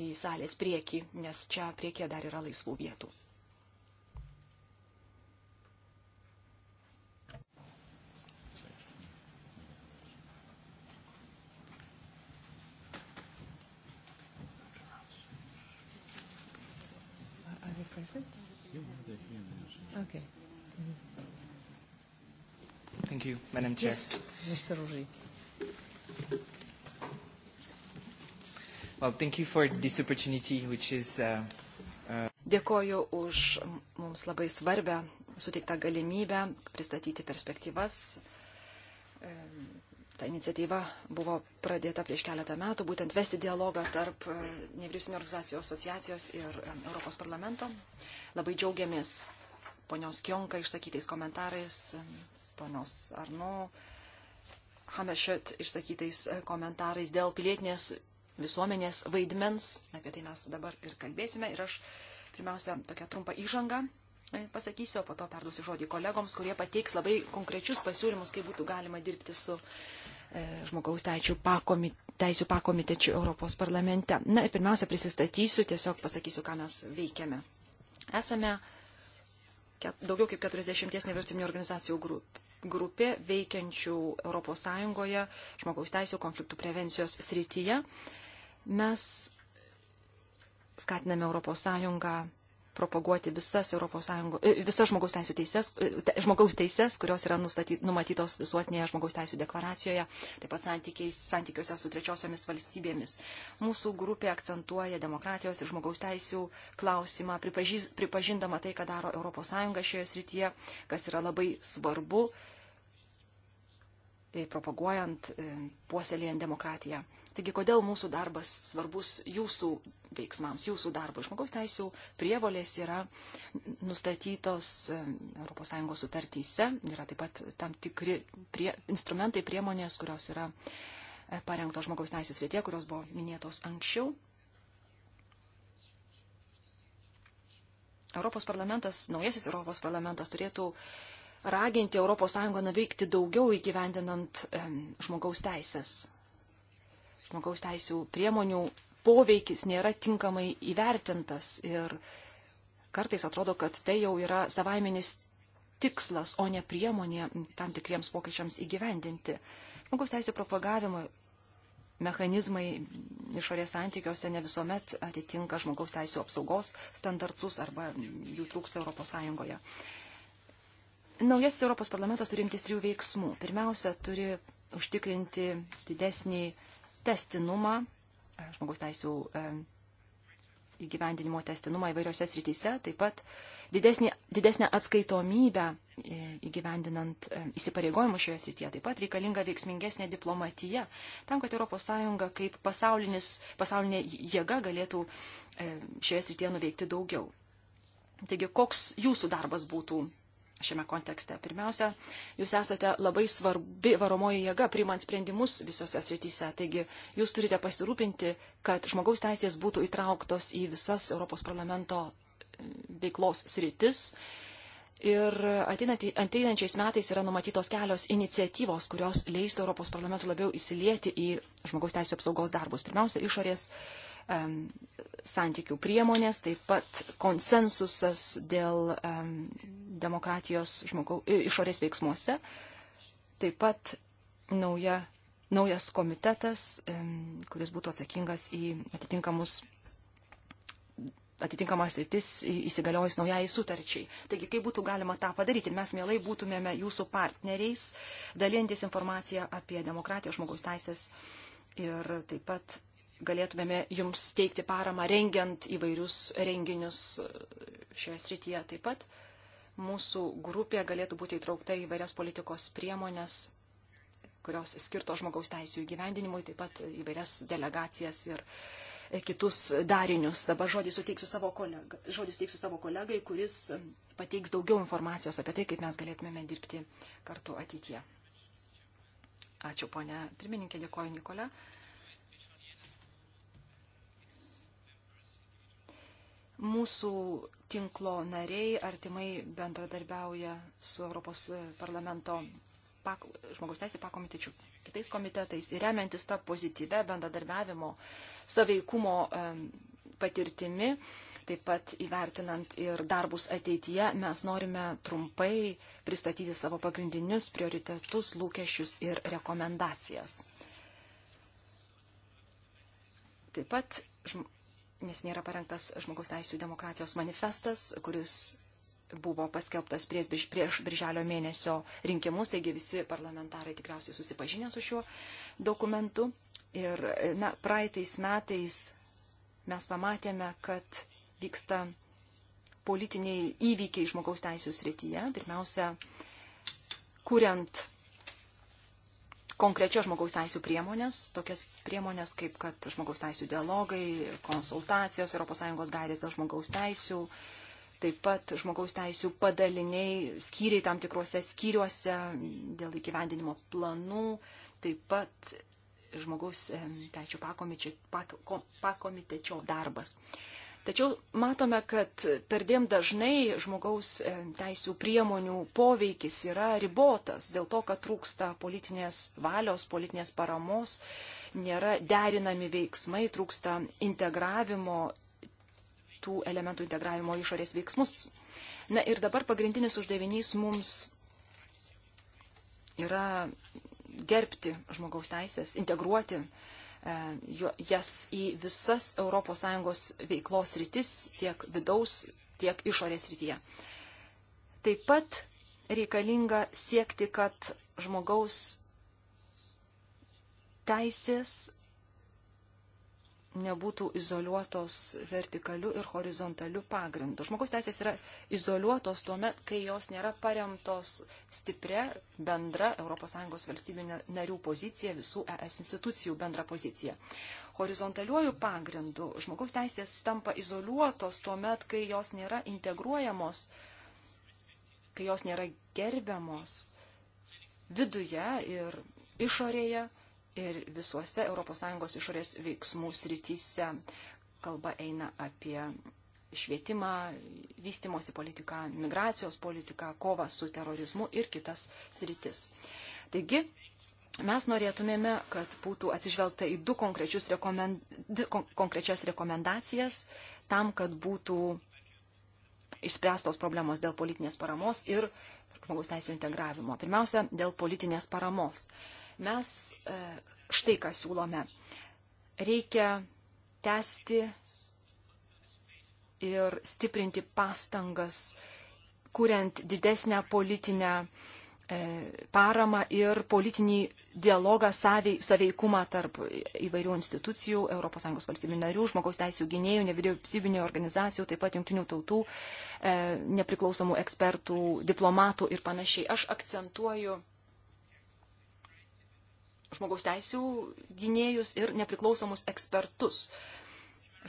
į salės priekį, nes čia priekyje dar yra laisvų vietų. you, Madam Chair. Yes, Mr. Uri. Well, thank you for this opportunity, which is... Uh, uh... Dėkoju už mums labai svarbę suteiktą galimybę pristatyti perspektyvas. Ta iniciatyva buvo pradėta prieš keletą metų, būtent vesti dialogą tarp e, nevyriausybinio organizacijų asociacijos ir e, Europos parlamento. Labai džiaugiamės ponios Kionka išsakytais komentarais, ponios Arno Hamešet išsakytais komentarais dėl pilietinės visuomenės vaidmens. Apie tai mes dabar ir kalbėsime. Ir aš pirmiausia tokią trumpą įžangą e, pasakysiu, o po to perduosiu žodį kolegoms, kurie pateiks labai konkrečius pasiūlymus, kaip būtų galima dirbti su e, žmogaus teisų pakomitetu teisų pakomitečių Europos parlamente. Na ir pirmiausia, prisistatysiu, tiesiog pasakysiu, ką mes veikiame. Esame daugiau kaip 40 nevyriausybinio organizacijų grup, grupė veikiančių ES žmogaus teisų konfliktų prevencijos srityje. Mes skatiname ES propaguoti visas, Europos Sąjungo, e, visas žmogaus, teisų teises, e, žmogaus teises, kurios yra nustaty, numatytos visuotinėje žmogaus teisų deklaracijoje, taip pat santykiuose su trečiosiomis valstybėmis. Mūsų grupė akcentuoja demokratijos ir žmogaus teisų klausimą, pripažys, pripažindama tai, ką daro Europos Sąjunga šioje srityje, kas yra labai svarbu e, propaguojant, puoselėjant demokratiją Taigi, kodėl mūsų darbas svarbus jūsų veiksmams, jūsų darbo žmogaus teisų prievolės yra nustatytos ES sutartyse, yra taip pat tam tikri prie, instrumentai, priemonės, kurios yra e, parengtos žmogaus teisų srityje, kurios buvo minėtos anksčiau. Europos parlamentas, naujasis Europos parlamentas turėtų raginti ES nuveikti daugiau įgyvendinant žmogaus teisės žmogaus teisų priemonių poveikis nėra tinkamai įvertintas ir kartais atrodo, kad tai jau yra savaiminis tikslas, o ne priemonė tam tikriems pokyčiams įgyvendinti. Žmogaus teisų propagavimo mechanizmai išorės santykiuose ne visuomet atitinka žmogaus teisų apsaugos standartus arba jų trūksta ES. Naujasis Europos parlamentas turi imtis trijų veiksmų. Pirmiausia, turi užtikrinti didesnį testinumą, e, žmogaus teisų e, įgyvendinimo testinumą įvairiose srityse, taip pat didesnį, didesnę atskaitomybę e, įgyvendinant įsipareigojimus šioje srityje, taip pat reikalinga veiksmingesnė diplomatija, tam, kad ES kaip pasaulinė jėga galėtų šioje srityje nuveikti daugiau. Taigi, koks jūsų darbas būtų šiame kontekste. Pirmiausia, jūs esate labai svarbi varomoji jėga, priimant sprendimus visose srityse. Taigi, jūs turite pasirūpinti, kad žmogaus teisės būtų įtrauktos į visas Europos parlamento mm, veiklos sritis. Ir ateinančiais metais yra numatytos kelios iniciatyvos, kurios leistų Europos parlamentui labiau įsilieti į žmogaus teisų apsaugos darbus. Pirmiausia, išorės uh, um, santykių priemonės, taip pat konsensusas dėl um, demokratijos žmogau, e, išorės veiksmuose, taip pat nauja, naujas komitetas, um, kuris būtų atsakingas į atitinkamus atitinkamas rytis įsigaliojus naujai sutarčiai. Taigi, kaip būtų galima tą padaryti, mes mielai būtumėme jūsų partneriais, dalintis informaciją apie demokratiją, žmogaus teisės ir taip pat galėtumėme jums teikti paramą rengiant įvairius renginius e, šioje srityje. Taip pat mūsų grupė galėtų būti įtraukta į vairias politikos priemonės, kurios skirto žmogaus teisų įgyvendinimui, taip pat įvairias delegacijas ir e, kitus darinius. Dabar žodį suteiksiu savo, kolega, žodį suteiksiu savo kolegai, kuris pateiks daugiau informacijos apie tai, kaip mes galėtumėme dirbti kartu ateityje. Ačiū, ponia pirmininkė, dėkoju Nikole. Mūsų tinklo nariai artimai bendradarbiauja su Europos parlamento pak, žmogaus teisė pakomitečių kitais komitetais ir remiantis tą pozityvę bendradarbiavimo saveikumo patirtimi, taip pat įvertinant ir darbus ateityje, mes norime trumpai pristatyti savo pagrindinius prioritetus, lūkesčius ir rekomendacijas. Taip pat nes nėra parengtas žmogaus teisų demokratijos manifestas, kuris buvo paskelbtas prieš, prieš birželio mėnesio rinkimus, taigi visi parlamentarai tikriausiai susipažinę su šiuo dokumentu. Ir na, praeitais metais mes pamatėme, kad vyksta politiniai įvykiai žmogaus teisų srityje. Pirmiausia, kuriant konkrečias žmogaus teisų priemonės, tokias priemonės kaip kad žmogaus teisų dialogai, konsultacijos, ES gairės dėl žmogaus teisų, taip pat žmogaus teisų padaliniai, skyriai tam tikrose skyriuose dėl įgyvendinimo planų, taip pat žmogaus teisų pakomitečio darbas. Tačiau matome, kad perdėm dažnai žmogaus e, teisų priemonių poveikis yra ribotas dėl to, kad trūksta politinės valios, politinės paramos, nėra derinami veiksmai, trūksta integravimo, tų elementų integravimo išorės veiksmus. Na ir dabar pagrindinis uždavinys mums yra gerbti žmogaus teisės, integruoti uh, E, jas į visas ES veiklos rytis tiek vidaus, tiek išorės rytyje. Taip pat reikalinga siekti, kad žmogaus teisės nebūtų izoliuotos vertikaliu ir horizontaliu pagrindu. Žmogus teisės yra izoliuotos tuo met, kai jos nėra paremtos stipria bendra ES valstybių narių pozicija, visų ES institucijų bendra pozicija. Horizontaliuoju pagrindu žmogaus teisės tampa izoliuotos tuo met, kai jos nėra integruojamos, kai jos nėra gerbiamos viduje ir išorėje ir visuose ES išorės veiksmų srityse. Kalba eina apie švietimą, vystimosi politiką, migracijos politiką, kovą su terorizmu ir kitas sritis. Taigi, mes norėtumėme, kad būtų atsižvelgta į du rekomend... konkrečias rekomendacijas tam, kad būtų išspręstos problemos dėl politinės paramos ir žmogaus teisų integravimo. Pirmiausia, dėl politinės paramos. Uh, Mes e, štai ką siūlome. Reikia tęsti ir stiprinti pastangas, kuriant didesnę politinę e, paramą ir politinį dialogą saveikumą tarp įvairių institucijų, ES valstybių narių, žmogaus teisų gynėjų, nevyriausybinio organizacijų, taip pat jungtinių tautų, e, nepriklausomų ekspertų, diplomatų ir panašiai. Aš akcentuoju žmogaus teisų gynėjus ir nepriklausomus ekspertus,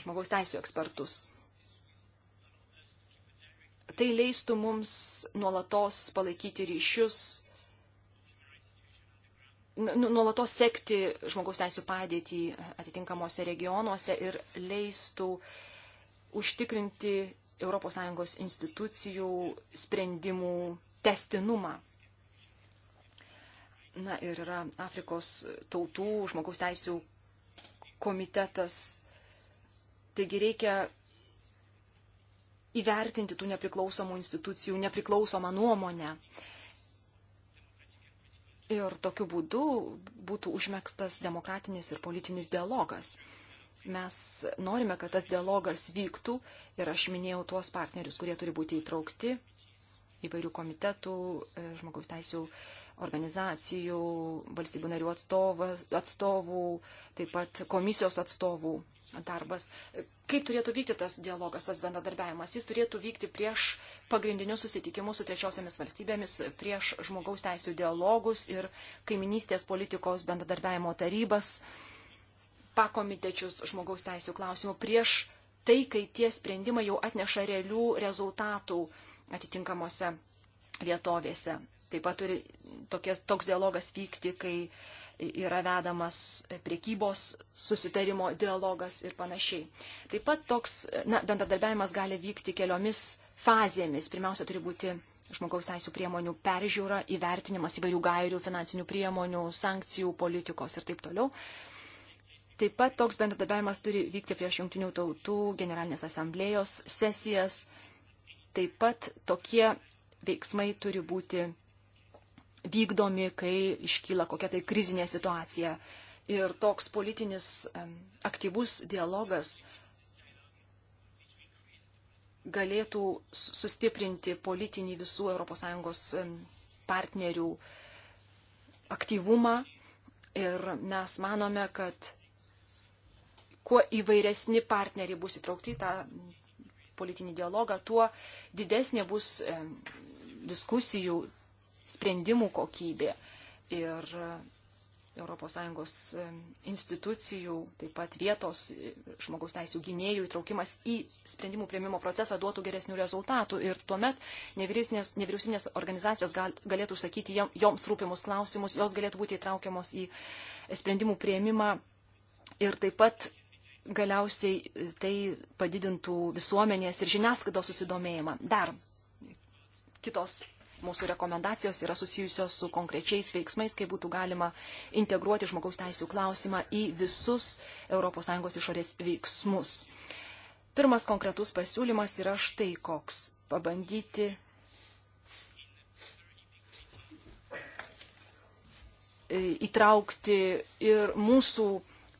žmogaus teisų ekspertus. Tai leistų mums nuolatos palaikyti ryšius, nu, nu, nuolatos sekti žmogaus teisų padėtį atitinkamuose regionuose ir leistų užtikrinti ES institucijų sprendimų testinumą Na ir yra Afrikos tautų žmogaus teisų komitetas. Taigi reikia įvertinti tų nepriklausomų institucijų nepriklausomą nuomonę. Ir tokiu būdu būtų užmėgstas demokratinis ir politinis dialogas. Mes norime, kad tas dialogas vyktų ir aš minėjau tuos partnerius, kurie turi būti įtraukti įvairių komitetų, e, žmogaus teisų organizacijų, valstybių narių atstovas, atstovų, taip pat komisijos atstovų darbas. E, kaip turėtų vykti tas dialogas, tas bendradarbiavimas? Jis turėtų vykti prieš pagrindinius susitikimus su trečiosiamis valstybėmis, prieš žmogaus teisų dialogus ir kaiminystės politikos bendradarbiavimo tarybas, pakomitečius žmogaus teisų klausimų, prieš tai, kai tie sprendimai jau atneša realių rezultatų atitinkamose vietovėse. Taip pat turi tokies, toks dialogas vykti, kai yra vedamas priekybos susitarimo dialogas ir panašiai. Taip pat toks na, bendradarbiavimas gali vykti keliomis fazėmis. Pirmiausia, turi būti žmogaus teisų priemonių peržiūra, įvertinimas įvairių gairių, finansinių priemonių, sankcijų, politikos ir taip toliau. Taip pat toks bendradarbiavimas turi vykti prieš Junktinių tautų generalinės asamblėjos sesijas taip pat tokie veiksmai turi būti vykdomi, kai iškyla kokia tai krizinė situacija. Ir toks politinis aktyvus dialogas galėtų sustiprinti politinį visų ES partnerių aktyvumą. Ir mes manome, kad kuo įvairesni partneriai bus įtraukti į tą politinį dialogą, tuo didesnė bus e, diskusijų sprendimų kokybė. Ir ES e, institucijų, taip pat vietos e, žmogaus teisų gynėjų įtraukimas į sprendimų prieimimo procesą duotų geresnių rezultatų ir tuomet nevyriausybinės organizacijos gal, galėtų sakyti joms rūpimus klausimus, jos galėtų būti įtraukiamos į sprendimų prieimimą ir taip pat galiausiai e, tai padidintų visuomenės ir žiniasklaidos susidomėjimą. Dar kitos mūsų rekomendacijos yra susijusios su konkrečiais veiksmais, kaip būtų galima integruoti žmogaus teisų klausimą į visus ES išorės veiksmus. Pirmas konkretus pasiūlymas yra štai koks - pabandyti įtraukti ir mūsų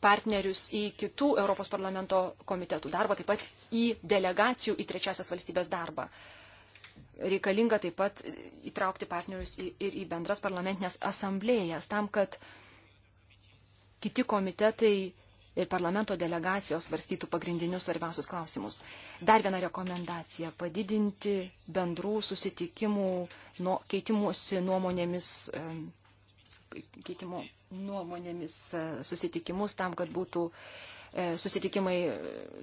partnerius į kitų Europos parlamento komitetų darbą, taip pat į delegacijų į trečiasias valstybės darbą. Reikalinga taip pat įtraukti partnerius į, ir į bendras parlamentinės asamblėjas, tam, kad kiti komitetai ir parlamento delegacijos svarstytų pagrindinius svarbiausius klausimus. Dar viena rekomendacija - padidinti bendrų susitikimų, nuo, keitimuosi nuomonėmis. E, keitimo nuomonėmis e, susitikimus tam, kad būtų e, susitikimai e,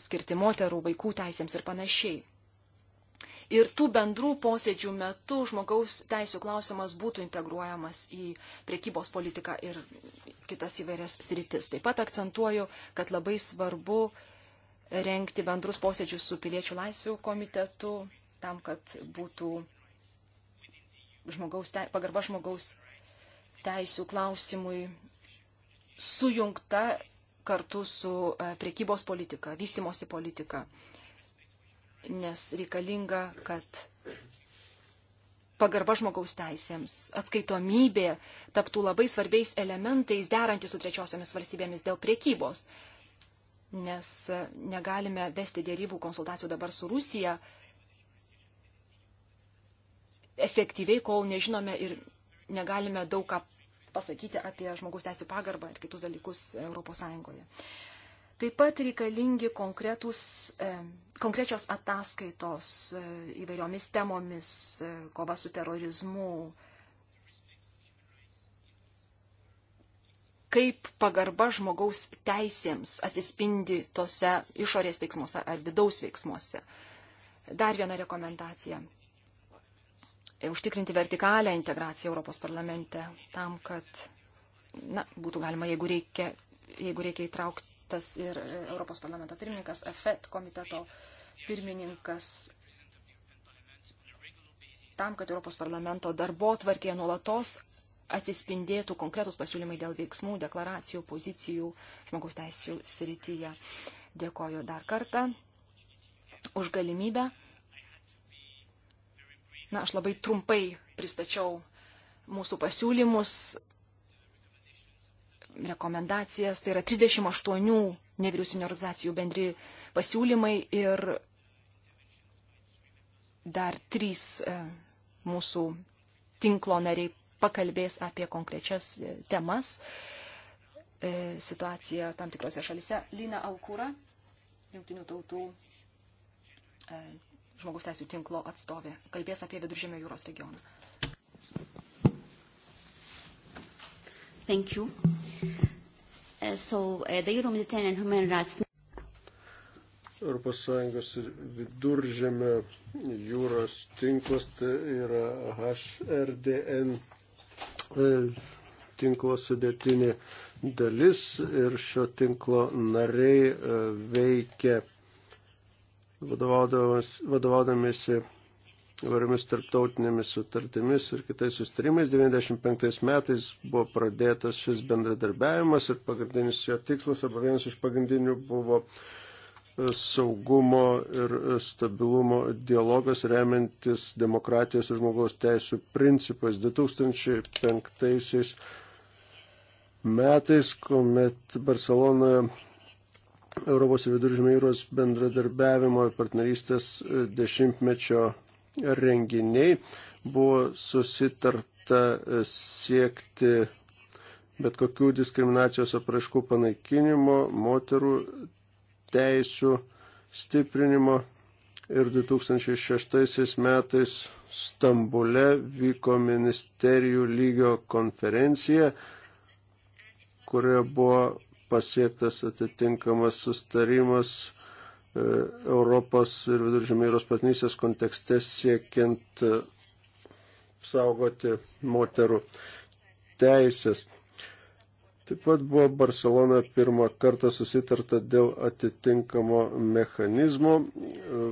skirti moterų, vaikų teisėms ir panašiai. Ir tų bendrų posėdžių metu žmogaus teisų klausimas būtų integruojamas į priekybos politiką ir kitas įvairias sritis. Taip pat akcentuoju, kad labai svarbu renkti bendrus posėdžius su piliečių laisvių komitetu, tam, kad būtų žmogaus, pagarba žmogaus teisų klausimui sujungta kartu su e, priekybos politika, vystimosi politika, nes reikalinga, kad pagarba žmogaus teisėms, atskaitomybė taptų labai svarbiais elementais derantys su trečiosiomis valstybėmis dėl priekybos. Nes e, negalime vesti dėrybų konsultacijų dabar su Rusija efektyviai, kol nežinome ir negalime daug ką pasakyti apie žmogaus teisų pagarbą ir kitus dalykus ES. Taip pat reikalingi e, konkrečios ataskaitos e, įvairiomis temomis, e, kova su terorizmu, kaip pagarba žmogaus teisėms atsispindi tose išorės veiksmuose ar vidaus veiksmuose. Dar viena rekomendacija. E, užtikrinti vertikalę integraciją Europos parlamente, tam, kad na, būtų galima, jeigu reikia, jeigu reikia įtrauktas ir e, Europos parlamento pirmininkas, AFET komiteto pirmininkas, tam, kad Europos parlamento darbo tvarkėje nuolatos atsispindėtų konkretus pasiūlymai dėl veiksmų, deklaracijų, pozicijų žmogaus teisų srityje. Dėkoju dar kartą už galimybę Na, aš labai trumpai pristačiau mūsų pasiūlymus, rekomendacijas. Tai yra 38 nevyriausinių organizacijų bendri pasiūlymai ir dar trys e, mūsų tinklo nariai pakalbės apie konkrečias e, temas e, situaciją tam tikrose šalise. Lina Alkūra, Junktinių tautų žmogus teisų tinklo atstovė. Kalbės apie Viduržėmio jūros regioną. Thank you. Uh, so, uh, the Euro-Mediterranean Human Rights Europos Sąjungos ir viduržėmio jūros tinklas, tai yra HRDN uh, tinklo sudėtinė dalis ir šio tinklo nariai uh, veikia vadovaudamėsi įvairiomis tarptautinėmis sutartimis ir kitais sustarimais. 95 metais buvo pradėtas šis bendradarbiavimas ir pagrindinis jo tikslas arba vienas iš pagrindinių buvo e, saugumo ir e, stabilumo dialogas remiantis demokratijos ir žmogaus teisų principais. 2005 metais, kuomet Barcelonoje Europos ir viduržymė jūros bendradarbiavimo ir partnerystės e, dešimtmečio renginiai buvo susitarta e, siekti bet kokių diskriminacijos apraiškų panaikinimo, moterų teisų stiprinimo ir 2006 metais Stambule vyko ministerijų lygio konferencija, kurioje buvo pasiektas atitinkamas sustarimas e, Europos ir viduržymėros patnysės kontekste siekiant e, saugoti moterų teisės. Taip pat buvo Barcelona pirmą kartą susitarta dėl atitinkamo mechanizmo e,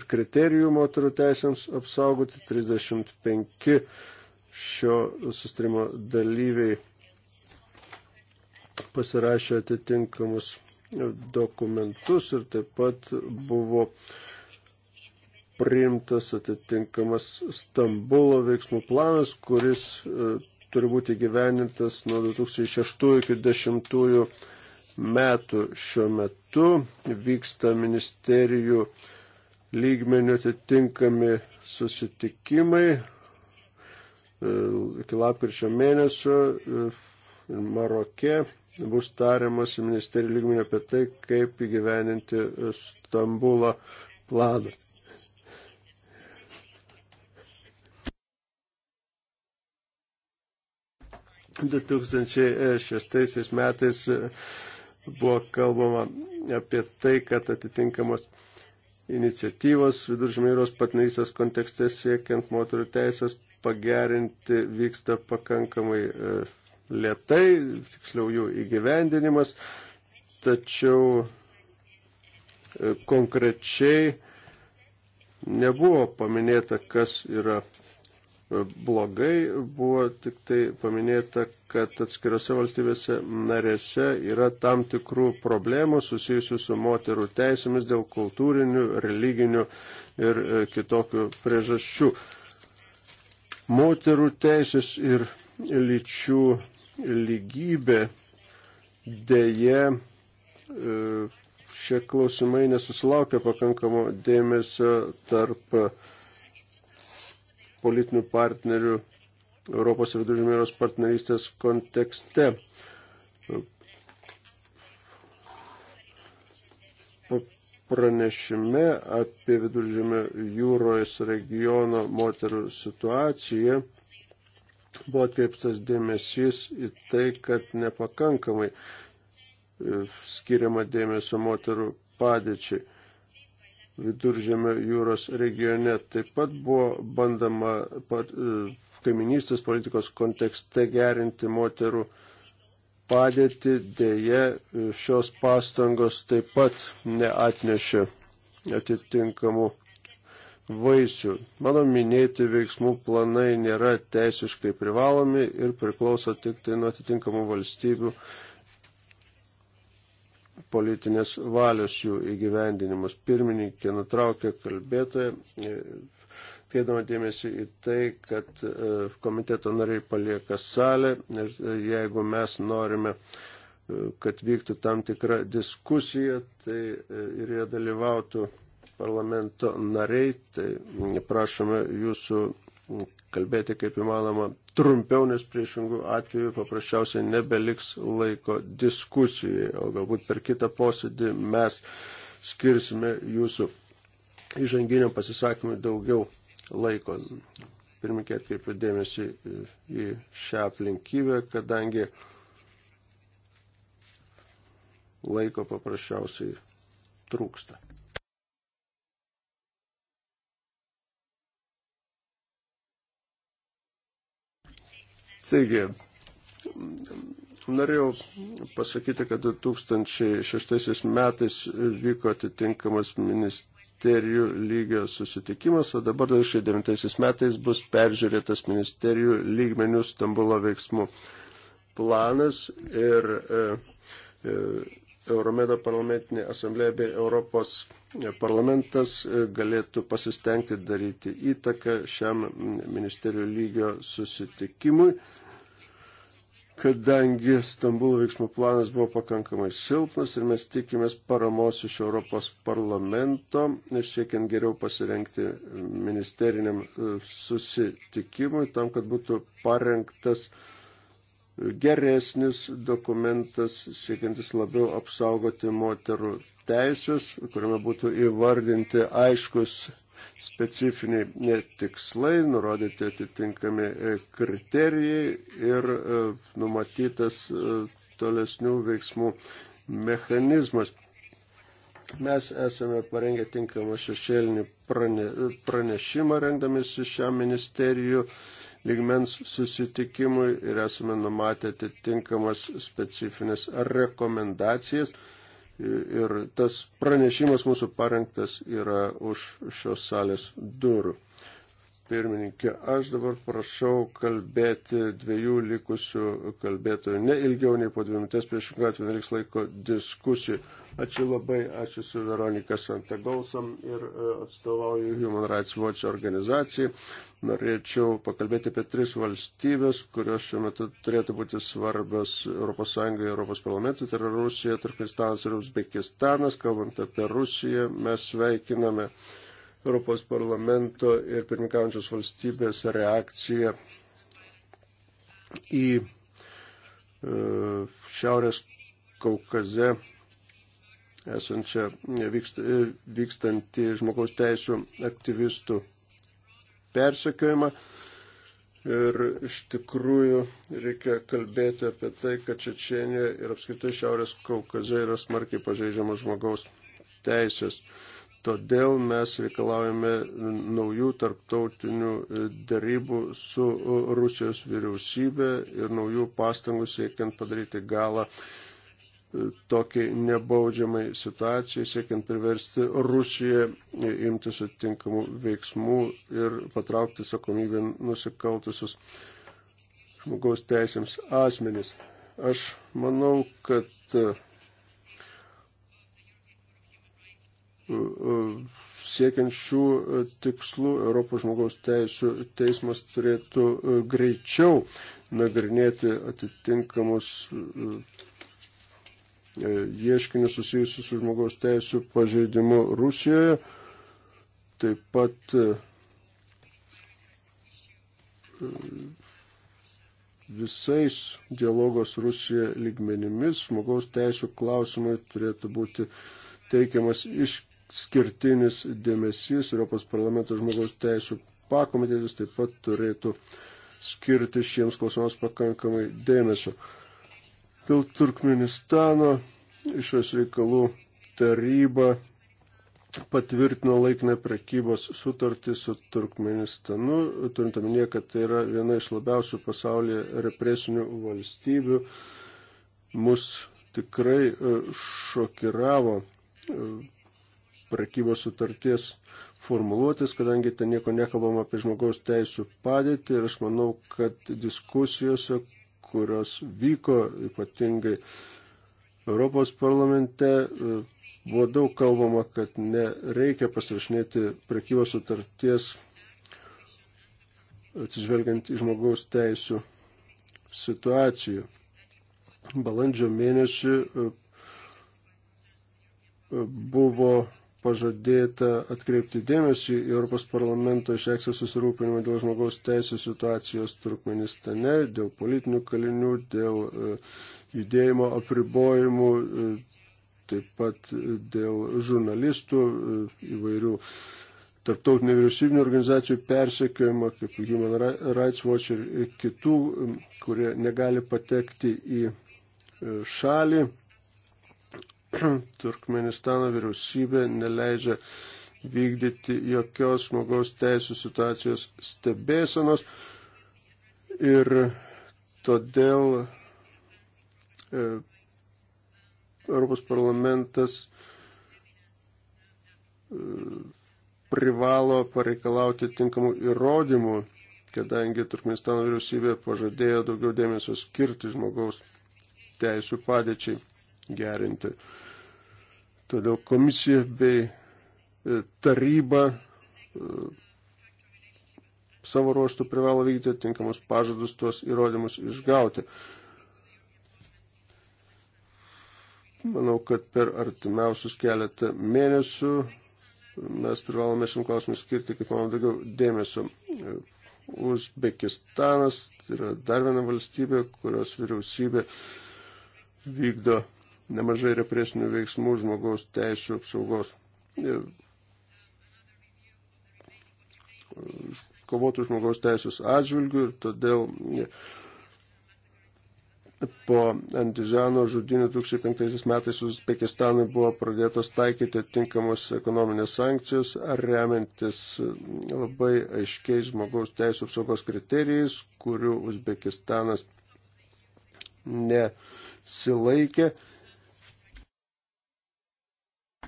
ir kriterijų moterų teisėms apsaugoti 35 šio sustarimo dalyviai pasirašė atitinkamus dokumentus ir taip pat buvo priimtas atitinkamas Stambulo veiksmų planas, kuris e, turi būti gyvenintas nuo 2006 iki 2010 metų. Šiuo metu vyksta ministerijų lygmenių atitinkami susitikimai e, iki lapkričio mėnesio e, Maroke bus tariamas ministerijų lygmenį apie tai, kaip įgyveninti Stambulo planą. Du 2006 metais buvo kalbama apie tai, kad atitinkamos iniciatyvos viduržmėros partnerystės kontekste siekiant moterų teisės pagerinti vyksta pakankamai e, lietai, tiksliau jų įgyvendinimas, tačiau e, konkrečiai nebuvo paminėta, kas yra e, blogai, buvo tik tai paminėta, kad atskirose valstybėse narėse yra tam tikrų problemų susijusių su moterų teisėmis dėl kultūrinių, religinių ir e, kitokių priežasčių. Moterų teisės ir lyčių lygybė dėje šie klausimai nesusilaukia pakankamo dėmesio tarp politinių partnerių Europos viduržymėros partnerystės kontekste. Pranešime apie viduržymio jūros regiono moterų situaciją buvo atkreiptas dėmesys į tai, kad nepakankamai e, skiriama dėmesio moterų padėčiai viduržėmio jūros regione. Taip pat buvo bandama e, kaiminystės politikos kontekste gerinti moterų padėtį, dėje šios pastangos taip pat neatnešė atitinkamų vaisių. Mano minėti veiksmų planai nėra teisiškai privalomi ir priklauso tik tai nuo atitinkamų valstybių politinės valios jų įgyvendinimas. Pirmininkė nutraukė kalbėtoją, e, kėdama dėmesį į tai, kad e, komiteto nariai palieka salę ir e, jeigu mes norime kad vyktų tam tikra diskusija, tai ir jie dalyvautų parlamento nariai, tai prašome jūsų kalbėti kaip įmanoma trumpiau, nes priešingų atveju paprasčiausiai nebeliks laiko diskusijai, o galbūt per kitą posėdį mes skirsime jūsų įžanginiam pasisakymui daugiau laiko. Pirmininkė atkreipė dėmesį į šią aplinkybę, kadangi laiko paprasčiausiai trūksta. Taigi, norėjau pasakyti, kad 2006 metais vyko atitinkamas ministerijų lygio susitikimas, o dabar 2009 metais bus peržiūrėtas ministerijų lygmenių Stambulo veiksmų planas ir e, e, Euromedo parlamentinė asamblėje bei Europos parlamentas e, galėtų pasistengti daryti įtaką šiam ministerijų lygio susitikimui, kadangi Stambulo veiksmų planas buvo pakankamai silpnas ir mes tikimės paramos iš Europos parlamento ir siekiant geriau pasirengti ministeriniam e, susitikimui, tam, kad būtų parengtas uh, geresnis dokumentas, siekiantis labiau apsaugoti moterų teisės, kuriame būtų įvardinti aiškus specifiniai tikslai, nurodyti atitinkami e, kriterijai ir e, numatytas e, tolesnių veiksmų mechanizmas. Mes esame parengę tinkamą šešėlinį prane, pranešimą rengdamėsi šią ministerijų lygmens susitikimui ir esame numatę atitinkamas specifines rekomendacijas. Ir tas pranešimas mūsų parengtas yra už šios salės durų. Pirmininkė, aš dabar prašau kalbėti dviejų likusių kalbėtojų, ne ilgiau nei po dvi minutės, prieš ką atvirai reiks laiko diskusijų. Ačiū labai, aš esu Veronika Santagausom ir e, atstovauju Human Rights Watch organizacijai. Norėčiau pakalbėti apie tris valstybės, kurios šiuo metu turėtų būti svarbios ES ir ES parlamentui. Tai yra Rusija, Turkmenistanas ir Uzbekistanas. Kalbant apie Rusiją, mes sveikiname Europos parlamento ir pirmininkaujančios valstybės reakciją į e, Šiaurės Kaukaze esančią vykst, vykstantį žmogaus teisų aktyvistų persekiojimą. Ir iš tikrųjų reikia kalbėti apie tai, kad Čečienė ir apskritai Šiaurės Kaukazai yra smarkiai pažeidžiamas žmogaus teisės. Todėl mes reikalaujame naujų tarptautinių darybų su Rusijos vyriausybė ir naujų pastangų siekiant padaryti galą tokiai nebaudžiamai situacijai, siekiant priversti Rusiją imtis atitinkamų veiksmų ir patraukti atsakomybę nusikaltusius žmogaus teisėms asmenys. Aš manau, kad e, e, siekiant šių tikslų Europos žmogaus teisų teismas turėtų e, greičiau nagrinėti atitinkamus E, ieškinius susijusius su žmogaus teisų pažeidimu Rusijoje. Taip pat e, visais dialogos Rusija lygmenimis žmogaus teisų klausimai turėtų būti teikiamas išskirtinis dėmesys. Europos parlamento žmogaus teisų pakomitėtis taip pat turėtų skirti šiems klausimams pakankamai dėmesio. Dėl Turkmenistano išvės reikalų taryba patvirtino laikinę prekybos sutartį su Turkmenistanu, turint omenyje, kad tai yra viena iš labiausių pasaulyje represinių valstybių. Mus tikrai e, šokiravo e, prekybos sutarties formuluotis, kadangi ten nieko nekalbama apie žmogaus teisų padėtį ir aš manau, kad diskusijose, kurios vyko ypatingai Europos parlamente, e, buvo daug kalbama, kad nereikia pasirašinėti prekybos sutarties atsižvelgiant į žmogaus teisų situacijų. Balandžio mėnesį e, e, buvo pažadėta atkreipti dėmesį į Europos parlamento išreikštą susirūpinimą dėl žmogaus teisų situacijos Turkmenistane, dėl politinių kalinių, dėl e, judėjimo apribojimų, e, taip pat dėl žurnalistų e, įvairių tarptautinių vyriausybinių organizacijų persekiojimą, kaip Human Rights Watch ir kitų, kurie negali patekti į šalį *clears throat* Turkmenistano vyriausybė neleidžia vykdyti jokios žmogaus teisų situacijos stebėsenos ir todėl e, Europos parlamentas e, privalo pareikalauti tinkamų įrodymų, kadangi Turkmenistano vyriausybė pažadėjo daugiau dėmesio skirti žmogaus teisų padėčiai gerinti. Todėl komisija bei e, taryba e, savo ruoštų privalo vykdyti tinkamus pažadus tuos įrodymus išgauti. Manau, kad per artimiausius keletą mėnesių mes privalome šiam klausimui skirti, kaip manau, daugiau dėmesio. E, Uzbekistanas tai yra dar viena valstybė, kurios vyriausybė vykdo nemažai represinių veiksmų žmogaus teisų apsaugos. Kovotų žmogaus teisės atžvilgių ir todėl po Antižano žudinių 2005 metais Uzbekistanui buvo pradėtos taikyti tinkamos ekonominės sankcijos, ar remiantis labai aiškiais žmogaus teisų apsaugos kriterijais, kurių Uzbekistanas nesilaikė.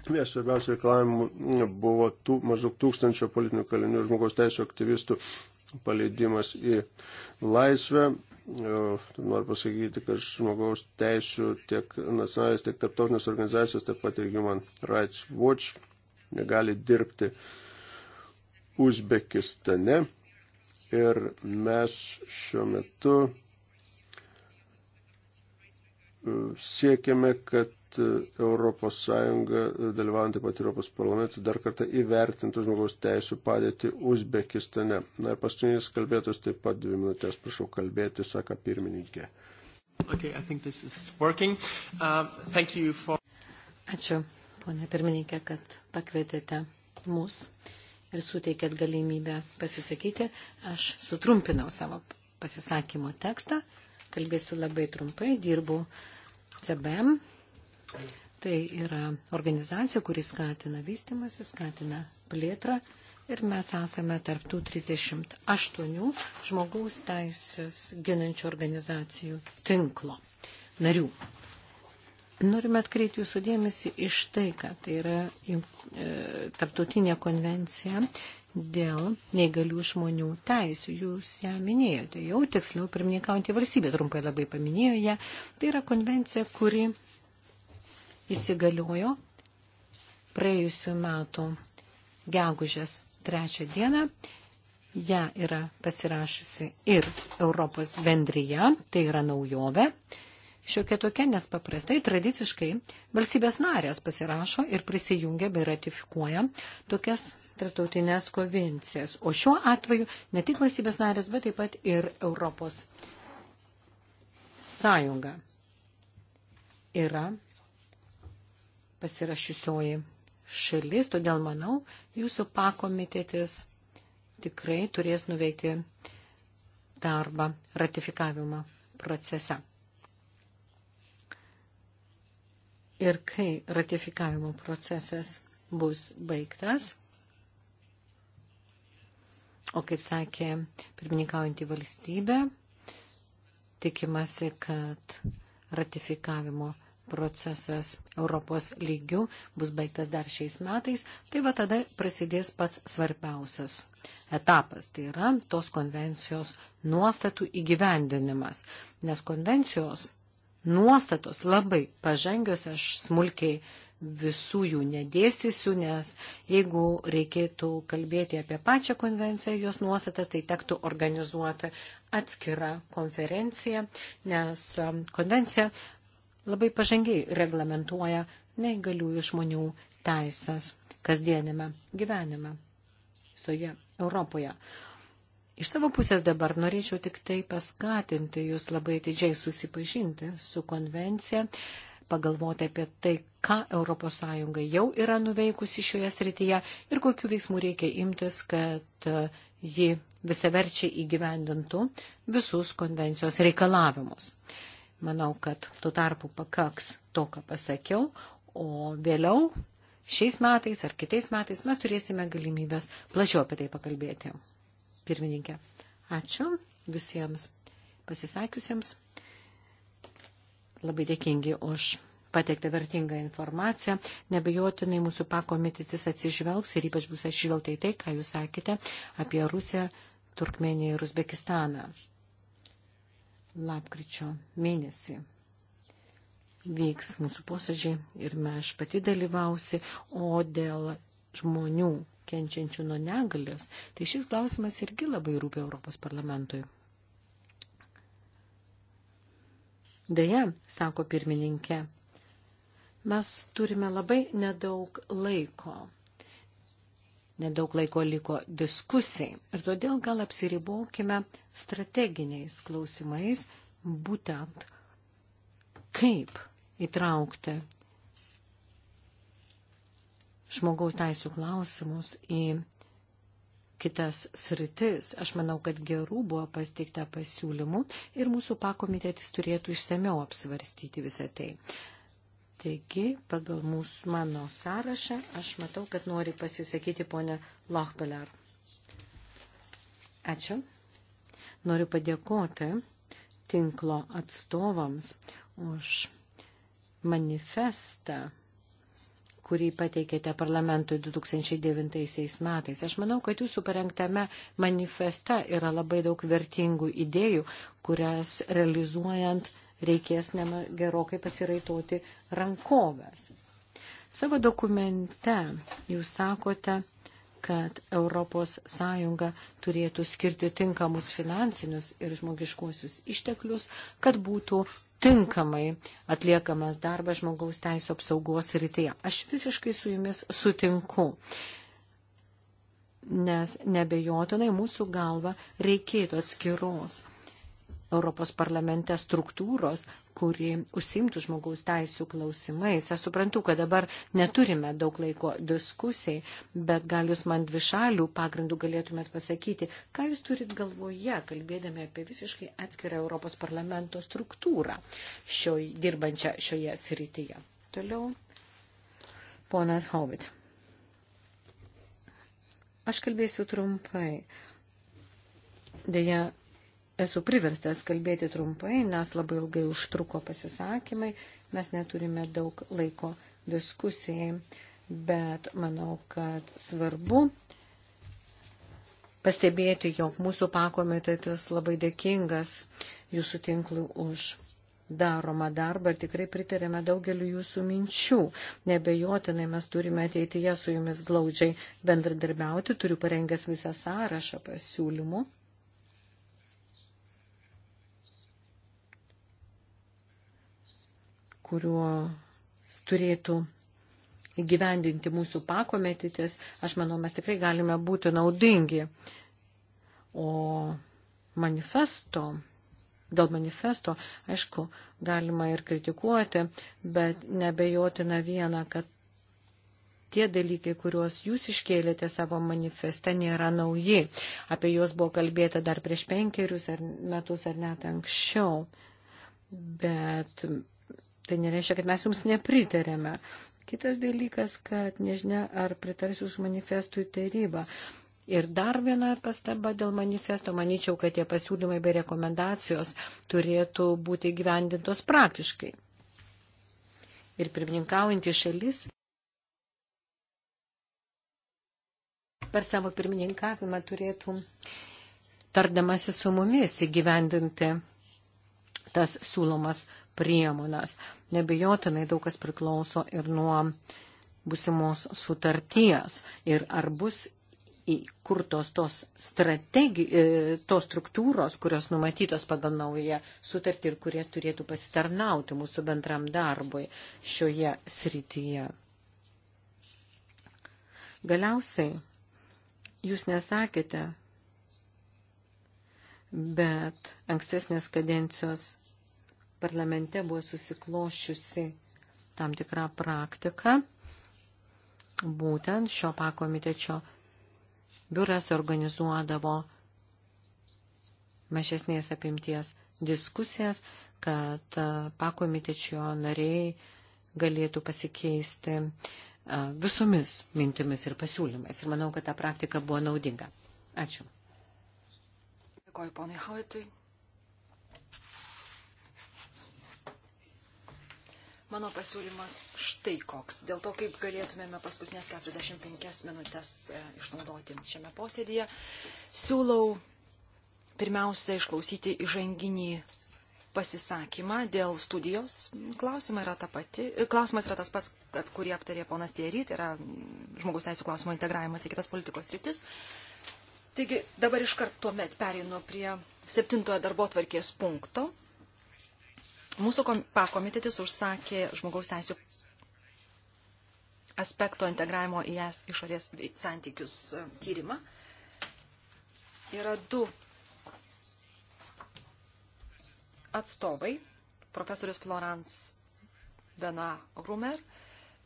Vienas svarbiausių reikalavimų buvo tų, maždaug tūkstančio politinių kalinių žmogaus teisų aktyvistų paleidimas į laisvę. E, noriu pasakyti, kad žmogaus teisų tiek nacionalinės, tiek tarptautinės organizacijos, taip pat ir Human Rights Watch negali dirbti Uzbekistane. Ir mes šiuo metu e, siekiame, kad ES, e, dalyvaujant taip pat Europos parlamentui, dar kartą įvertintų žmogaus teisų padėti Uzbekistane. Na ir paskutinis kalbėtas taip pat dvi minutės, prašau kalbėti, sako pirmininkė. Okay, uh, for... Ačiū, ponė pirmininkė, kad pakvietėte mus ir suteikėt galimybę pasisakyti. Aš sutrumpinau savo pasisakymo tekstą, kalbėsiu labai trumpai, dirbu CBM Tai yra organizacija, kuris skatina vystimasi, skatina plėtrą ir mes esame tarptų 38 žmogaus teisės ginančių organizacijų tinklo narių. Norime atkreipti jūsų dėmesį iš tai, kad tai yra e, tarptautinė konvencija dėl neįgalių žmonių teisų. Jūs ją minėjote, jau tiksliau pirmininkaujantį valstybę trumpai labai paminėjo ją. Tai yra konvencija, kuri įsigaliojo praėjusių metų gegužės trečią dieną. Ja yra pasirašusi ir Europos bendryje, tai yra naujovė. Šiokia tokia, nes paprastai tradiciškai valstybės narės pasirašo ir prisijungia bei ratifikuoja tokias tarptautinės konvencijas. O šiuo atveju ne tik valstybės narės, bet taip pat ir Europos sąjunga yra pasirašysioji šalis, todėl manau, jūsų pakomitėtis tikrai turės nuveikti darbą ratifikavimo procese. Ir kai ratifikavimo procesas bus baigtas, o kaip sakė pirmininkaujantį valstybę, tikimasi, kad ratifikavimo procesas procesas Europos lygių bus baigtas dar šiais metais, tai va tada prasidės pats svarbiausias etapas, tai yra tos konvencijos nuostatų įgyvendinimas, nes konvencijos nuostatos labai pažengios, aš smulkiai visų jų nedėstysiu, nes jeigu reikėtų kalbėti apie pačią konvenciją, jos nuostatas, tai tektų organizuoti atskirą konferenciją, nes um, konvencija labai pažangiai reglamentuoja neįgaliųjų žmonių teisės kasdienėme gyvenime visoje Europoje. Iš savo pusės dabar norėčiau tik tai paskatinti jūs labai didžiai susipažinti su konvencija, pagalvoti apie tai, ką ES jau yra nuveikusi šioje srityje ir kokiu veiksmu reikia imtis, kad e, ji visaverčiai įgyvendintų visus konvencijos reikalavimus. Manau, kad tuo tarpu pakaks to, ką pasakiau, o vėliau šiais metais ar kitais metais mes turėsime galimybės plačiau apie tai pakalbėti. Pirmininkė, ačiū visiems pasisakiusiems. Labai dėkingi už pateiktą vertingą informaciją. Nebejotinai mūsų pakomitetis atsižvelgs ir ypač bus atsižvelgta į tai, ką jūs sakėte apie Rusiją, Turkmeniją ir Uzbekistaną lapkričio mėnesį vyks mūsų posėdžiai ir aš pati dalyvausi, o dėl žmonių kenčiančių nuo negalios, tai šis klausimas irgi labai rūpia Europos parlamentui. Deja, sako pirmininkė, mes turime labai nedaug laiko nedaug laiko liko diskusijai. Ir todėl gal apsiribokime strateginiais klausimais, būtent kaip įtraukti žmogaus teisų klausimus į kitas sritis. Aš manau, kad gerų buvo pasteikta pasiūlymų ir mūsų pakomitėtis turėtų išsameu apsvarstyti visą tai. Taigi, pagal mūsų mano sąrašą, aš matau, kad nori pasisakyti ponę Lachpeler. Ačiū. Noriu padėkoti tinklo atstovams už manifestą kurį pateikėte parlamentui 2009 metais. Aš manau, kad jūsų parengtame manifeste yra labai daug vertingų idėjų, kurias realizuojant reikės nema, gerokai pasiraitoti rankovės. Savo dokumente jūs sakote, kad ES turėtų skirti tinkamus finansinius ir žmogiškuosius išteklius, kad būtų tinkamai atliekamas darbas žmogaus teisų apsaugos rytyje. Aš visiškai su jumis sutinku, nes nebejotinai mūsų galva reikėtų atskiros Europos parlamente struktūros, kuri užsimtų žmogaus teisų klausimais. Aš suprantu, kad dabar neturime daug laiko diskusijai, bet gal jūs man dvi šalių pagrindų galėtumėt pasakyti, ką jūs turit galvoje, kalbėdami apie visiškai atskirą Europos parlamento struktūrą šioj, dirbančią šioje srityje. Toliau, ponas Howitt. Aš kalbėsiu trumpai. Deja, esu priverstas kalbėti trumpai, nes labai ilgai užtruko pasisakymai, mes neturime daug laiko diskusijai, bet manau, kad svarbu pastebėti, jog mūsų pakomitetis labai dėkingas jūsų tinklui už daromą darbą ir tikrai pritarėme daugeliu jūsų minčių. Nebejotinai mes turime ateityje su jumis glaudžiai bendradarbiauti, turiu parengęs visą sąrašą pasiūlymų kuriuo turėtų įgyvendinti mūsų pakometitis, aš manau, mes tikrai galime būti naudingi. O manifesto, dėl manifesto, aišku, galima ir kritikuoti, bet nebejotina viena, kad tie dalykai, kuriuos jūs iškėlėte savo manifeste, nėra nauji. Apie juos buvo kalbėta dar prieš penkerius ar metus ar net anksčiau. Bet Tai nereiškia, kad mes jums nepritarėme. Kitas dalykas, kad nežinia, ar pritars jūsų manifestui taryba. Ir dar viena pastaba dėl manifesto. Manyčiau, kad tie pasiūlymai bei rekomendacijos turėtų būti gyvendintos praktiškai. Ir pirmininkaujantys šalis per savo pirmininkavimą turėtų tardamasi su mumis įgyvendinti tas siūlomas priemonas nebejotinai daug kas priklauso ir nuo busimos sutarties ir ar bus įkurtos tos, strategi, e, tos struktūros, kurios numatytos pagal naują sutartį ir kurias turėtų pasitarnauti mūsų bendram darbui šioje srityje. Galiausiai, jūs nesakėte, bet ankstesnės kadencijos parlamente buvo susikloščiusi tam tikrą praktiką. Būtent šio pakomitečio biuras organizuodavo mažesnės apimties diskusijas, kad pakomitečio nariai galėtų pasikeisti visomis mintimis ir pasiūlymais. Ir manau, kad ta praktika buvo naudinga. Ačiū. Dėkoju ponui Hautui. Mano pasiūlymas štai koks. Dėl to, kaip galėtumėme paskutinės 45 minutės e, išnaudoti šiame posėdėje, siūlau pirmiausia išklausyti įžanginį pasisakymą dėl studijos. Klausimas yra, ta pati, e, klausimas yra tas pats, kurį aptarė ponas Tėry, tai yra žmogus teisų klausimo integravimas į kitas politikos rytis. Taigi dabar iškart tuomet pereinu prie septintojo darbo tvarkės punkto. Mūsų pakomitetis užsakė žmogaus teisų aspekto integravimo į jas išorės santykius tyrimą. Yra du atstovai, profesorius Florence Bena Grumer,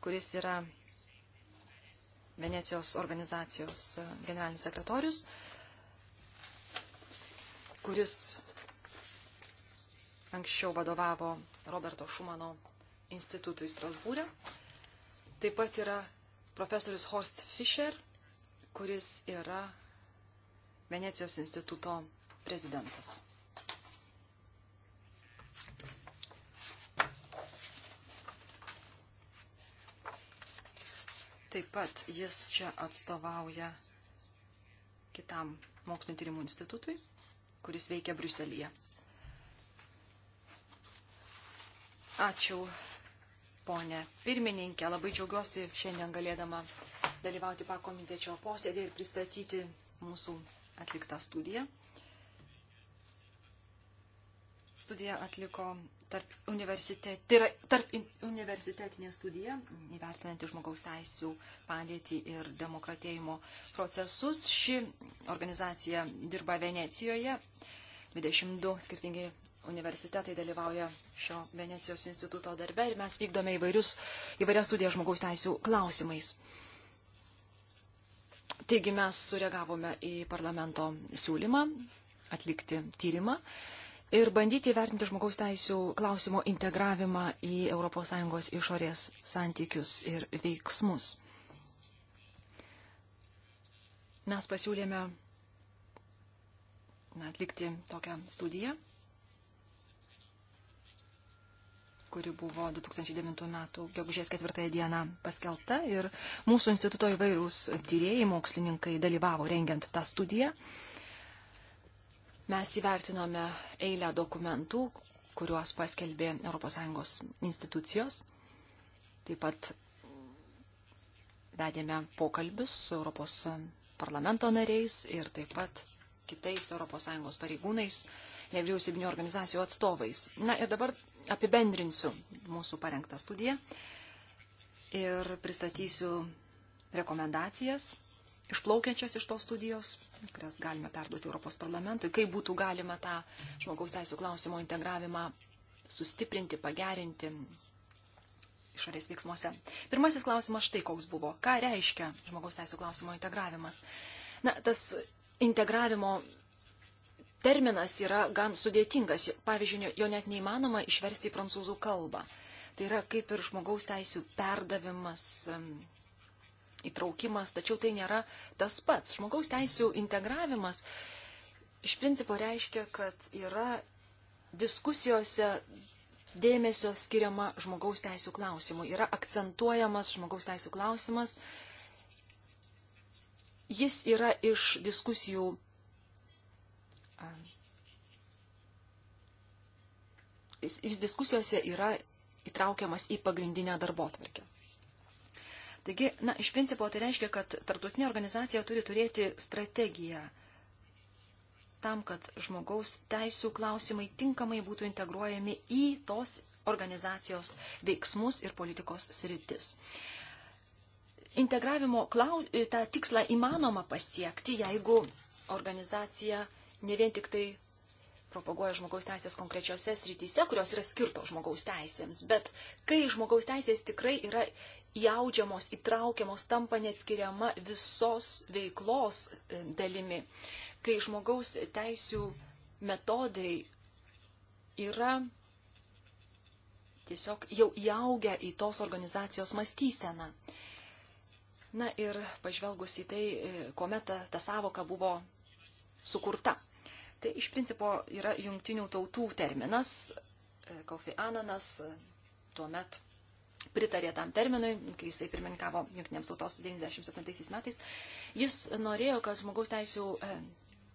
kuris yra Venecijos organizacijos e, generalinis sekretorius, kuris anksčiau vadovavo Roberto Šumano institutui Strasbūrė. Taip pat yra profesorius Horst Fischer, kuris yra Venecijos instituto prezidentas. Taip pat jis čia atstovauja kitam mokslinio tyrimų institutui, kuris veikia Briuselėje. Ačiū, ponė pirmininkė. Labai džiaugiuosi šiandien galėdama dalyvauti pakomitečio posėdį ir pristatyti mūsų atliktą studiją. Studiją atliko tarp, universitet, tai yra, tarp universitetinė studija, įvertinanti žmogaus teisų padėtį ir demokratėjimo procesus. Ši organizacija dirba Venecijoje, 22 skirtingi universitetai dalyvauja šio Venecijos instituto darbe ir mes vykdome įvairius, įvairias studijas žmogaus teisų klausimais. Taigi mes sureagavome į parlamento siūlymą atlikti tyrimą ir bandyti įvertinti žmogaus teisų klausimo integravimą į ES išorės santykius ir veiksmus. Mes pasiūlėme na, atlikti tokią studiją kuri buvo 2009 metų gegužės 4 dieną paskelbta ir mūsų instituto įvairūs tyrėjai, mokslininkai dalyvavo rengiant tą studiją. Mes įvertinome eilę dokumentų, kuriuos paskelbė ES institucijos. Taip pat vedėme pokalbius su Europos parlamento nariais ir taip pat kitais ES pareigūnais, nevyriausybinio organizacijų atstovais. Na ir dabar apibendrinsiu mūsų parengtą studiją ir pristatysiu rekomendacijas išplaukiančias iš tos studijos, kurias galime perduoti Europos parlamentui, kaip būtų galima tą žmogaus teisų klausimo integravimą sustiprinti, pagerinti išorės veiksmuose. Pirmasis klausimas štai koks buvo. Ką reiškia žmogaus teisų klausimo integravimas? Na, tas integravimo terminas yra gan sudėtingas. Pavyzdžiui, jo net neįmanoma išversti į prancūzų kalbą. Tai yra kaip ir žmogaus teisų perdavimas, įtraukimas, tačiau tai nėra tas pats. Žmogaus teisų integravimas iš principo reiškia, kad yra diskusijose dėmesio skiriama žmogaus teisų klausimui. Yra akcentuojamas žmogaus teisų klausimas, Jis yra iš diskusijų jis, jis diskusijose yra įtraukiamas į pagrindinę darbo atvarkę. Taigi, na, iš principo tai reiškia, kad tarptautinė organizacija turi turėti strategiją tam, kad žmogaus teisų klausimai tinkamai būtų integruojami į tos organizacijos veiksmus ir politikos sritis. Integravimo klau... tą tikslą įmanoma pasiekti, jeigu organizacija ne vien tik tai propaguoja žmogaus teisės konkrečiose srityse, kurios yra skirtos žmogaus teisėms. Bet kai žmogaus teisės tikrai yra įaudžiamos, įtraukiamos, tampa neatskiriama visos veiklos e, dalimi, kai žmogaus teisų metodai yra tiesiog jau įaugę į tos organizacijos mąstyseną. Na ir pažvelgus į tai, e, kuomet ta, ta savoka buvo sukurta. Tai iš principo yra jungtinių tautų terminas, e, Kofi Ananas e, tuomet pritarė tam terminui, kai jisai pirmininkavo jungtinėms tautos 97 metais. Jis norėjo, kad žmogaus teisų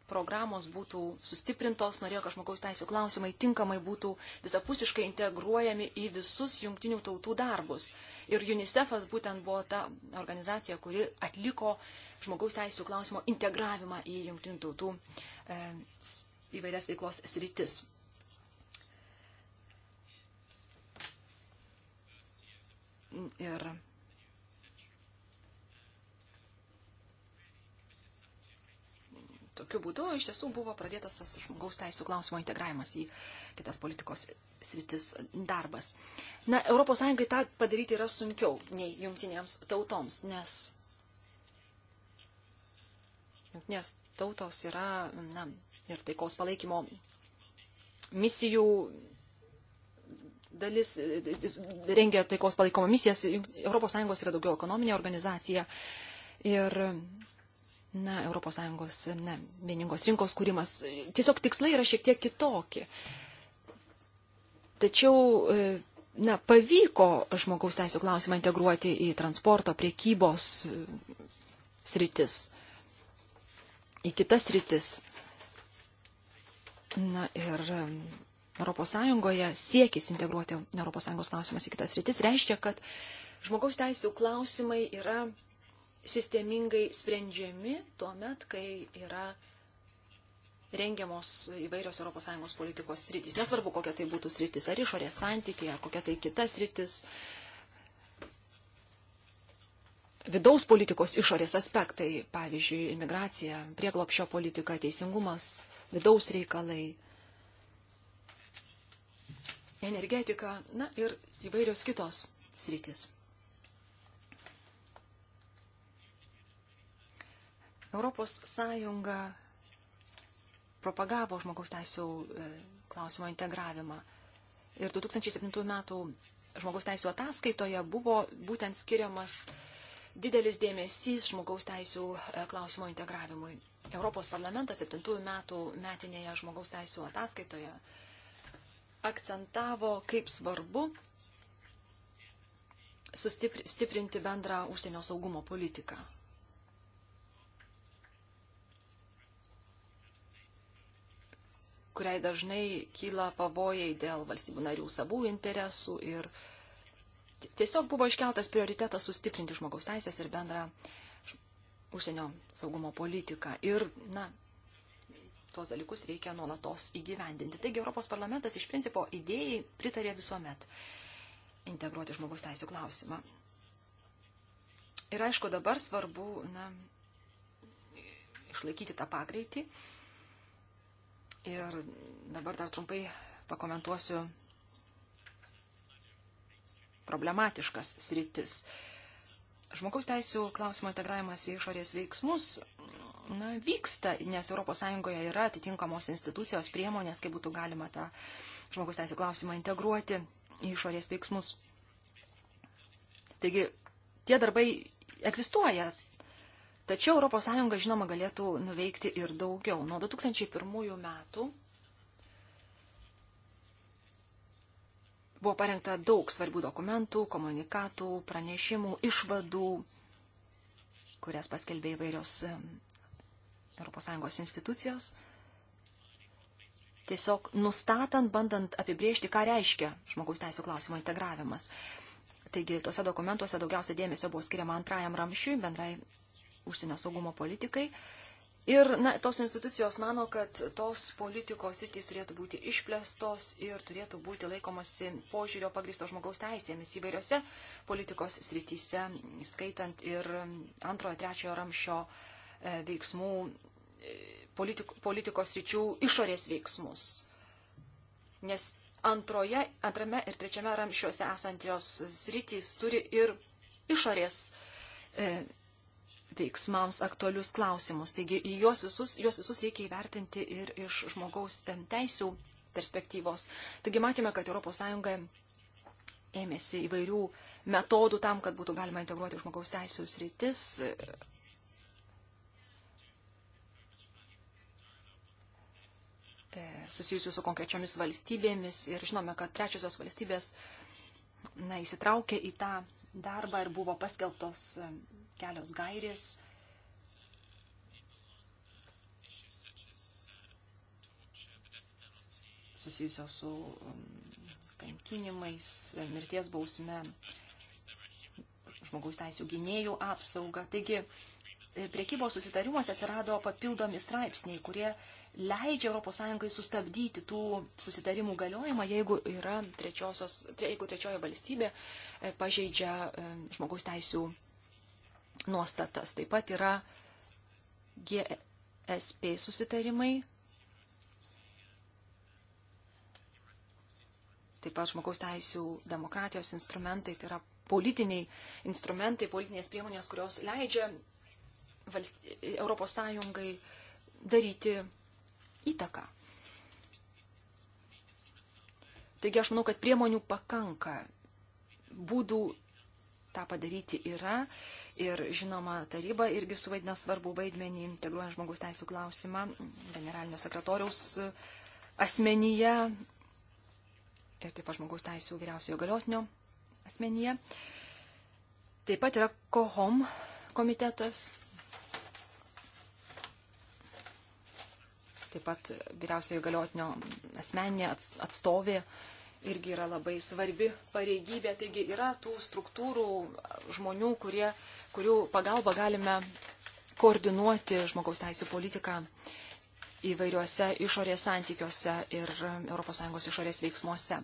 programos būtų sustiprintos, norėjo, kad žmogaus teisų klausimai tinkamai būtų visapusiškai integruojami į visus jungtinių tautų darbus. Ir UNICEF'as būtent buvo ta organizacija, kuri atliko žmogaus teisų klausimo integravimą į jungtinių tautų e, įvairias veiklos sritis. Ir tokiu būdu iš tiesų buvo pradėtas tas žmogaus teisų klausimo integravimas į kitas politikos sritis darbas. Na, ES tą padaryti yra sunkiau nei jungtinėms tautoms, nes jungtinės tautos yra na, ir taikos palaikymo misijų dalis rengia taikos palaikymo misijas. ES yra daugiau ekonominė organizacija. Ir na, ES na, vieningos rinkos kūrimas. Tiesiog tikslai yra šiek tiek kitokie. Tačiau, e, na, pavyko žmogaus teisų klausimą integruoti į transporto, priekybos e, sritis, į kitas sritis. Na ir ES siekis integruoti ES klausimas į kitas rytis reiškia, kad žmogaus teisų klausimai yra sistemingai sprendžiami tuo met, kai yra rengiamos įvairios ES politikos sritys. Nesvarbu, kokia tai būtų sritis, ar išorės santykiai, ar kokia tai kita sritis, vidaus politikos išorės aspektai, pavyzdžiui, imigracija, prieglopšio politika, teisingumas, vidaus reikalai, energetika, na ir įvairios kitos sritis. Europos Sąjunga propagavo žmogaus teisų e, klausimo integravimą. Ir 2007 metų žmogaus teisų ataskaitoje buvo būtent skiriamas didelis dėmesys žmogaus teisų e, klausimo integravimui. Europos parlamentas 7 metų metinėje žmogaus teisų ataskaitoje akcentavo, kaip svarbu sustiprinti bendrą užsienio saugumo politiką. kuriai dažnai kyla pavojai dėl valstybių narių savų interesų ir tiesiog buvo iškeltas prioritetas sustiprinti žmogaus teisės ir bendrą užsienio saugumo politiką. Ir, na, tuos dalykus reikia nuolatos įgyvendinti. Taigi Europos parlamentas iš principo idėjai pritarė visuomet integruoti žmogaus teisų klausimą. Ir aišku, dabar svarbu na, išlaikyti tą pagreitį Ir dabar dar trumpai pakomentuosiu problematiškas sritis. Žmogaus teisų klausimo integravimas į išorės veiksmus na, vyksta, nes ES yra atitinkamos institucijos priemonės, kaip būtų galima tą žmogaus teisų klausimą integruoti į išorės veiksmus. Taigi, tie darbai egzistuoja, Tačiau ES žinoma galėtų nuveikti ir daugiau. Nuo 2001 metų buvo parengta daug svarbių dokumentų, komunikatų, pranešimų, išvadų, kurias paskelbė įvairios ES institucijos. Tiesiog nustatant, bandant apibriežti, ką reiškia žmogaus teisų klausimo integravimas. Taigi, tuose dokumentuose daugiausia dėmesio buvo skiriama antrajam ramšiui, bendrai užsienio saugumo politikai. Ir na, tos institucijos mano, kad tos politikos sritys turėtų būti išplėstos ir turėtų būti laikomasi požiūrio pagristo žmogaus teisėmis įvairiose politikos srityse, skaitant ir antrojo, trečiojo ramšio e, veiksmų, e, politik, politikos sričių išorės veiksmus. Nes antroje, antrame ir trečiame ramšiuose esantios sritys turi ir išorės e, veiksmams aktualius klausimus. Taigi juos visus, juos visus reikia įvertinti ir iš žmogaus teisų perspektyvos. Taigi matėme, kad ES ėmėsi įvairių metodų tam, kad būtų galima integruoti žmogaus teisų sritis. susijusių su konkrečiomis valstybėmis ir žinome, kad trečiosios valstybės na, įsitraukė į tą darbą ir buvo paskelbtos kelios gairės. susijusios su um, kankinimais, mirties bausme, žmogaus teisų gynėjų apsauga. Taigi, e, priekybos susitarimuose atsirado papildomi straipsniai, kurie leidžia ES sustabdyti tų susitarimų galiojimą, jeigu, jeigu trečioji valstybė e, pažeidžia e, žmogaus teisų nuostatas. Taip pat yra GSP susitarimai, taip pat žmogaus teisų demokratijos instrumentai, tai yra politiniai instrumentai, politinės priemonės, kurios leidžia valst... Europos Sąjungai daryti įtaką. Taigi aš manau, kad priemonių pakanka, būdų tą padaryti yra. Ir žinoma, taryba irgi suvaidina svarbų vaidmenį, integruojant žmogus teisų klausimą generalinio sekretoriaus asmenyje ir taip pat žmogaus teisų vyriausiojo galiotinio asmenyje. Taip pat yra COHOM komitetas. Taip pat vyriausiojo galiotinio asmeninė atstovė irgi yra labai svarbi pareigybė. Taigi yra tų struktūrų, žmonių, kurie, kurių pagalba galime koordinuoti žmogaus teisų politiką įvairiuose išorės santykiuose ir ES išorės veiksmuose.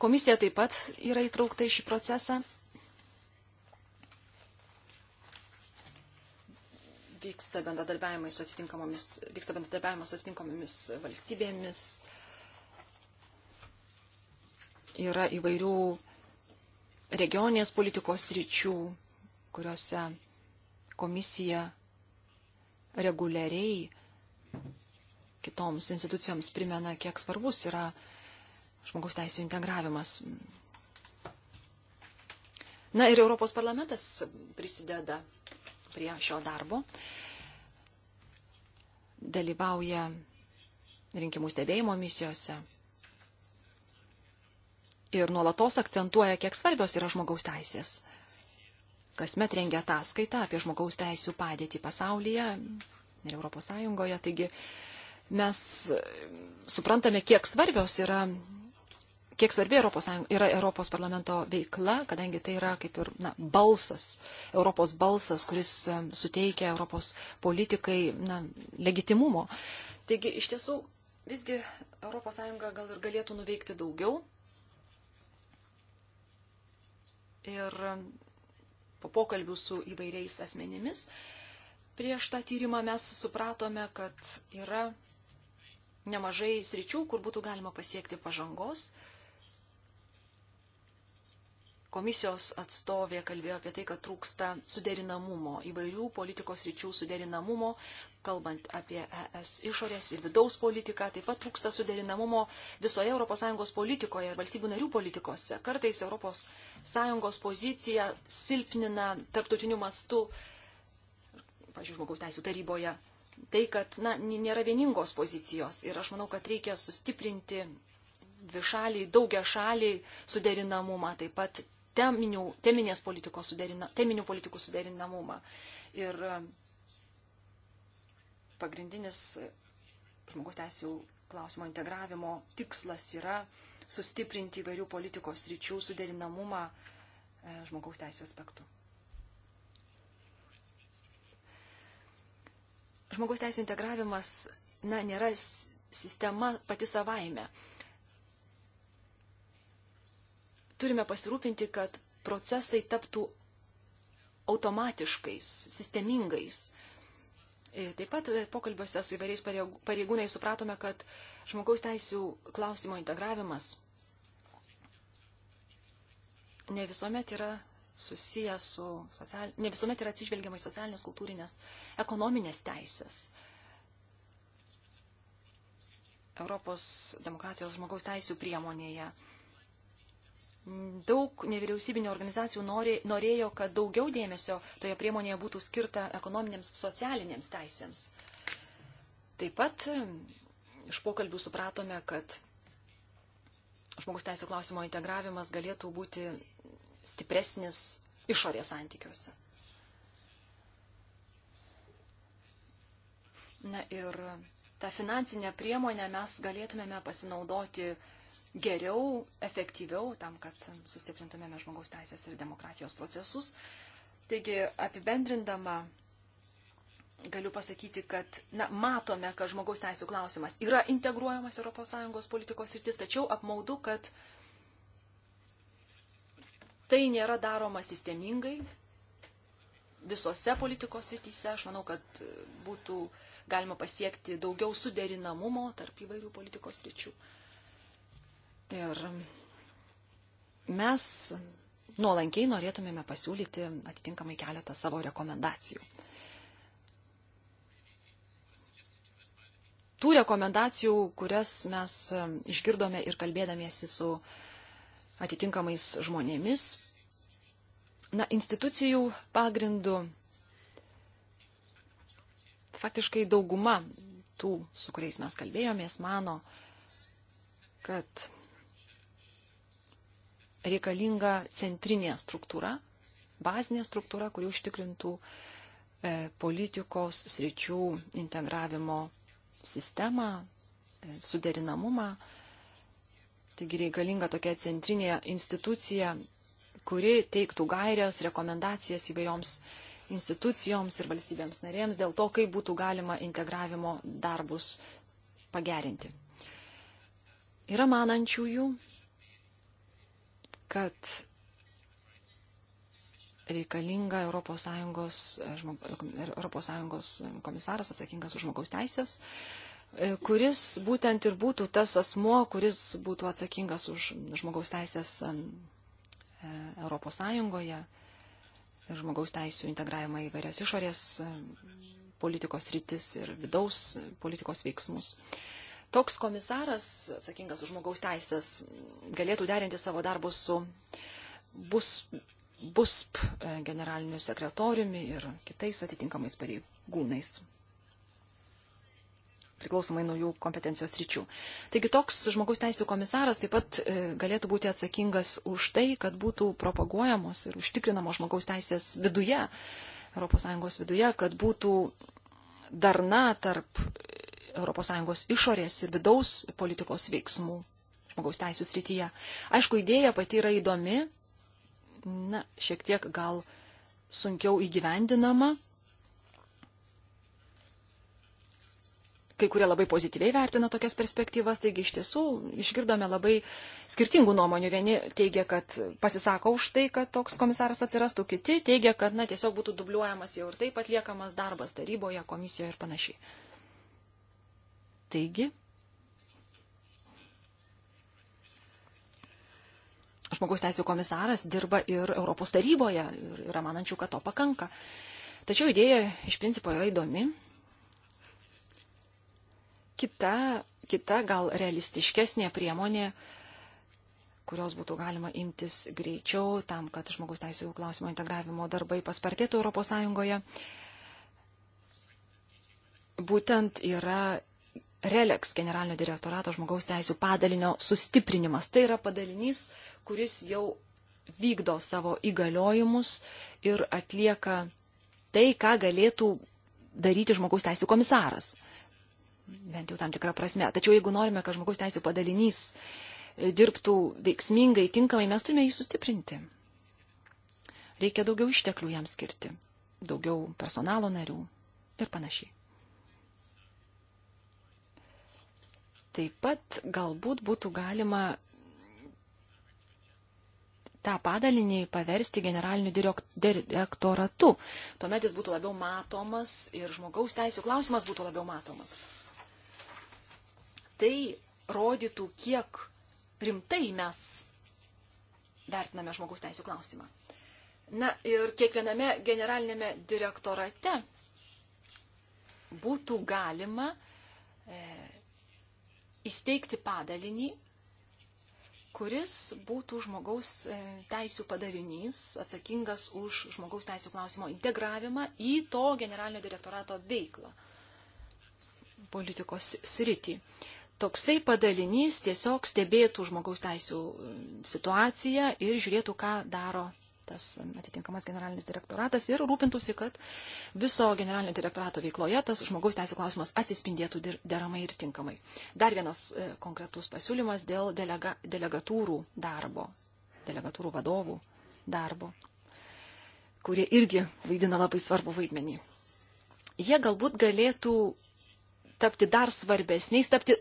Komisija taip pat yra įtraukta į šį procesą. Vyksta bendradarbiavimas su atitinkamomis valstybėmis, yra įvairių regioninės politikos ryčių, kuriuose komisija reguliariai kitoms institucijoms primena, kiek svarbus yra žmogaus teisų integravimas. Na ir Europos parlamentas prisideda prie šio darbo, dalyvauja rinkimų stebėjimo misijose, ir nuolatos akcentuoja, kiek svarbios yra žmogaus teisės. Kasmet rengia ataskaitą apie žmogaus teisų padėtį pasaulyje ir Europos Sąjungoje. Taigi mes suprantame, kiek svarbios yra kiek svarbi Europos, yra Europos parlamento veikla, kadangi tai yra kaip ir na, balsas, Europos balsas, kuris e, suteikia Europos politikai na, legitimumo. Taigi iš tiesų visgi ES gal ir galėtų nuveikti daugiau, ir po pokalbių su įvairiais asmenimis prieš tą tyrimą mes supratome, kad yra nemažai sričių, kur būtų galima pasiekti pažangos. Komisijos atstovė kalbėjo apie tai, kad trūksta suderinamumo, įvairių politikos ryčių suderinamumo, kalbant apie ES išorės ir vidaus politiką, taip pat trūksta suderinamumo visoje ES politikoje ir valstybių narių politikose. Kartais ES pozicija silpnina tarptautiniu mastu, pažiūrėjau, žmogaus teisų taryboje, tai, kad na, nėra vieningos pozicijos ir aš manau, kad reikia sustiprinti dvišaliai, daugia šaliai suderinamumą, taip pat teminių, teminės politikos suderina, teminių politikų suderinamumą. Ir pagrindinis žmogaus teisų klausimo integravimo tikslas yra sustiprinti įvairių politikos ryčių suderinamumą e, žmogaus teisų aspektų. Žmogaus teisų integravimas na, nėra sistema pati savaime. Turime pasirūpinti, kad procesai taptų automatiškais, sistemingais E, taip pat e, pokalbiuose su įvairiais pareigūnai supratome, kad žmogaus teisų klausimo integravimas ne visuomet yra susijęs su, social... ne visuomet yra atsižvelgiama į socialinės, kultūrinės, ekonominės teisės. Europos demokratijos žmogaus teisų priemonėje daug nevyriausybinio organizacijų norė, norėjo, kad daugiau dėmesio toje priemonėje būtų skirta ekonominėms socialinėms teisėms. Taip pat mm, iš pokalbių supratome, kad žmogus teisų klausimo integravimas galėtų būti stipresnis išorės santykiuose. Na ir tą finansinę priemonę mes galėtumėme pasinaudoti uh, geriau, efektyviau, tam, kad sustiprintumėme žmogaus teisės ir demokratijos procesus. Taigi, apibendrindama, galiu pasakyti, kad na, matome, kad žmogaus teisų klausimas yra integruojamas ES politikos rytis, tačiau apmaudu, kad tai nėra daroma sistemingai visose politikos rytise. Aš manau, kad būtų galima pasiekti daugiau suderinamumo tarp įvairių politikos ryčių. Uh, Ir mes nuolankiai norėtumėme pasiūlyti atitinkamai keletą savo rekomendacijų. Tų rekomendacijų, kurias mes e, išgirdome ir kalbėdamiesi su atitinkamais žmonėmis, na, institucijų pagrindų faktiškai dauguma tų, su kuriais mes kalbėjomės, mano, kad reikalinga centrinė struktūra, bazinė struktūra, kuri užtikrintų e, politikos sričių integravimo sistemą, e, suderinamumą. Taigi reikalinga tokia centrinė institucija, kuri teiktų gairias, rekomendacijas įvairioms institucijoms ir valstybėms narėms dėl to, kaip būtų galima integravimo darbus pagerinti. Yra manančiųjų, kad reikalinga ES, ES komisaras atsakingas už žmogaus teisės, e, kuris būtent ir būtų tas asmo, kuris būtų atsakingas už žmogaus teisės ES ir žmogaus teisų integravimą į vairias išorės e, politikos rytis ir vidaus politikos veiksmus. Uh, toks komisaras, atsakingas už žmogaus teisės, galėtų derinti savo darbus su bus, BUSP e, generaliniu sekretoriumi ir kitais atitinkamais pareigūnais priklausomai nuo jų kompetencijos ryčių. Taigi toks žmogaus teisų komisaras taip pat e, galėtų būti atsakingas už tai, kad būtų propaguojamos ir užtikrinamos žmogaus teisės viduje, ES viduje, kad būtų darna tarp ES išorės ir vidaus politikos veiksmų žmogaus teisų srityje. Aišku, idėja pati yra įdomi, na, šiek tiek gal sunkiau įgyvendinama. Kai kurie labai pozityviai vertina tokias perspektyvas, taigi iš tiesų išgirdome labai skirtingų nuomonių. Vieni teigia, kad pasisako už tai, kad toks komisaras atsirastų, kiti teigia, kad na, tiesiog būtų dubliuojamas jau ir taip atliekamas darbas taryboje, komisijoje ir panašiai. Taigi, žmogaus teisų komisaras dirba ir Europos taryboje ir yra manančių, kad to pakanka. Tačiau idėja iš principo yra įdomi. Kita, kita gal realistiškesnė priemonė, kurios būtų galima imtis greičiau tam, kad žmogaus teisų klausimo integravimo darbai paspartėtų ES, būtent yra RELEX generalinio direktorato žmogaus teisų padalinio sustiprinimas. Tai yra padalinys, kuris jau vykdo savo įgaliojimus ir atlieka tai, ką galėtų daryti žmogaus teisų komisaras. Bent jau tam tikrą prasme. Tačiau jeigu norime, kad žmogaus teisų padalinys dirbtų veiksmingai, tinkamai, mes turime jį sustiprinti. Reikia daugiau išteklių jam skirti, daugiau personalo narių ir panašiai. Taip pat galbūt būtų galima tą padalinį paversti generaliniu direktoratu. Tuomet jis būtų labiau matomas ir žmogaus teisų klausimas būtų labiau matomas. Tai rodytų, kiek rimtai mes vertiname žmogaus teisų klausimą. Na ir kiekviename generalinėme direktorate būtų galima e, įsteigti padalinį, kuris būtų žmogaus e, teisų padarinys, atsakingas už žmogaus teisų klausimo integravimą į to generalinio direktorato veiklą politikos sritį. Toksai padalinys tiesiog stebėtų žmogaus teisų e, situaciją ir žiūrėtų, ką daro tas atitinkamas generalinis direktoratas ir rūpintųsi, kad viso generalinio direktorato veikloje tas žmogaus teisų klausimas atsispindėtų deramai ir tinkamai. Dar vienas e, konkretus pasiūlymas dėl delega, delegatūrų darbo, delegatūrų vadovų darbo, kurie irgi vaidina labai svarbu vaidmenį. Jie galbūt galėtų tapti dar svarbesniais, tapti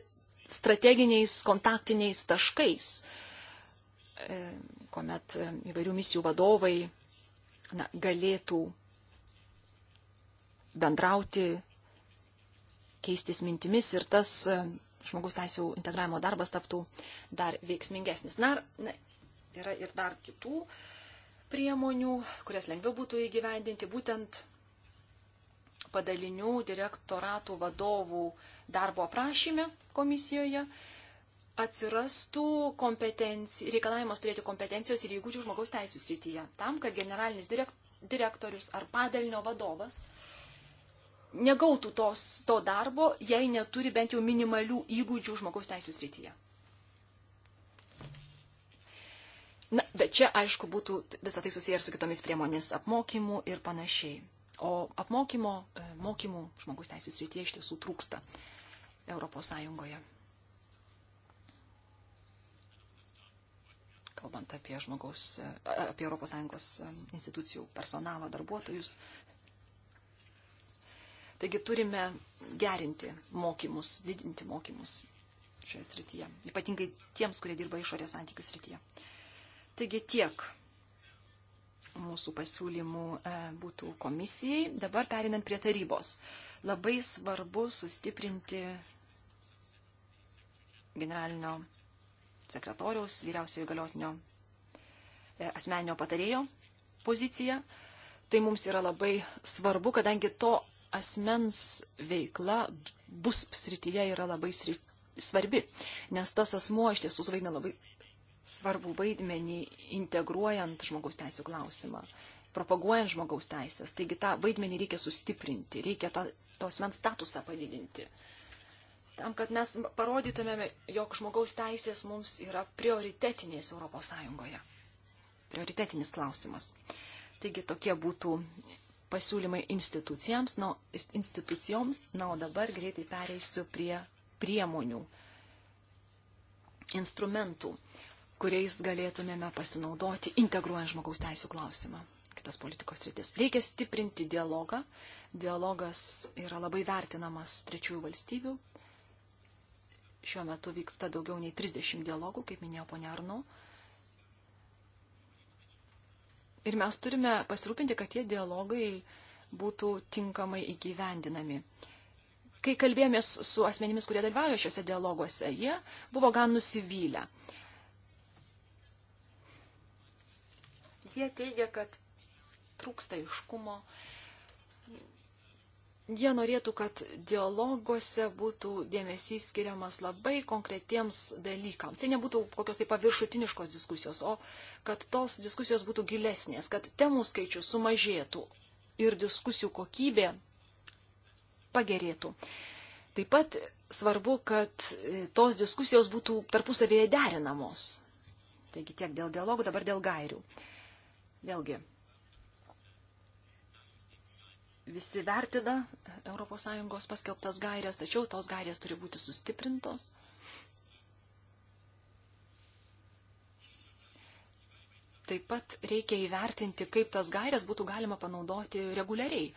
strateginiais kontaktiniais taškais e, kuomet e, įvairių misijų vadovai na, galėtų bendrauti, keistis mintimis ir tas e, žmogus teisų integravimo darbas taptų dar veiksmingesnis. Na, na, yra ir dar kitų priemonių, kurias lengviau būtų įgyvendinti, būtent padalinių direktoratų vadovų darbo aprašyme komisijoje atsirastų reikalavimas turėti kompetencijos ir įgūdžių žmogaus teisų srityje. Tam, kad generalinis direktorius ar padalinio vadovas negautų tos, to darbo, jei neturi bent jau minimalių įgūdžių žmogaus teisų srityje. Na, bet čia, aišku, būtų visą tai susiję ir su kitomis priemonės apmokymu ir panašiai. O apmokymo, e, mokymų žmogus teisų srityje iš tiesų trūksta Europos Sąjungoje. kalbant apie žmogaus, apie ES institucijų personalo darbuotojus. Taigi turime gerinti mokymus, didinti mokymus šioje srityje, ypatingai tiems, kurie dirba išorės santykių srityje. Taigi tiek mūsų pasiūlymų e, būtų komisijai. Dabar perinant prie tarybos. Labai svarbu sustiprinti generalinio sekretoriaus, vyriausiojo galiotinio e, asmeninio patarėjo poziciją. Tai mums yra labai svarbu, kadangi to asmens veikla bus srityje yra labai svarbi, nes tas asmuo iš tiesų suvaidina labai svarbu vaidmenį integruojant žmogaus teisų klausimą, propaguojant žmogaus teisės. Taigi tą vaidmenį reikia sustiprinti, reikia tą, tos mens statusą padidinti. Uh, tam, kad mes parodytumėme, jog žmogaus teisės mums yra prioritetinės ES. Prioritetinis klausimas. Taigi tokie būtų pasiūlymai institucijams, na, institucijoms, na, o dabar greitai pereisiu prie priemonių, instrumentų, kuriais galėtumėme pasinaudoti integruojant žmogaus teisų klausimą. Kitas politikos rytis. Reikia stiprinti dialogą. Dialogas yra labai vertinamas trečiųjų valstybių Šiuo metu vyksta daugiau nei 30 dialogų, kaip minėjo ponia Arno. Ir mes turime pasirūpinti, kad tie dialogai būtų tinkamai įgyvendinami. Kai kalbėjomės su asmenimis, kurie dalyvauja šiuose dialoguose, jie buvo gan nusivylę. Jie teigia, kad trūksta iškumo, Jie norėtų, kad dialoguose būtų dėmesys skiriamas labai konkretiems dalykams. Tai nebūtų kokios tai paviršutiniškos diskusijos, o kad tos diskusijos būtų gilesnės, kad temų skaičius sumažėtų ir diskusijų kokybė pagerėtų. Taip pat svarbu, kad e, tos diskusijos būtų tarpusavėje derinamos. Taigi tiek dėl dialogų, dabar dėl gairių. Vėlgi, visi vertina ES paskelbtas gairias, tačiau tos gairias turi būti sustiprintos. Taip pat reikia įvertinti, kaip tas gairias būtų galima panaudoti reguliariai.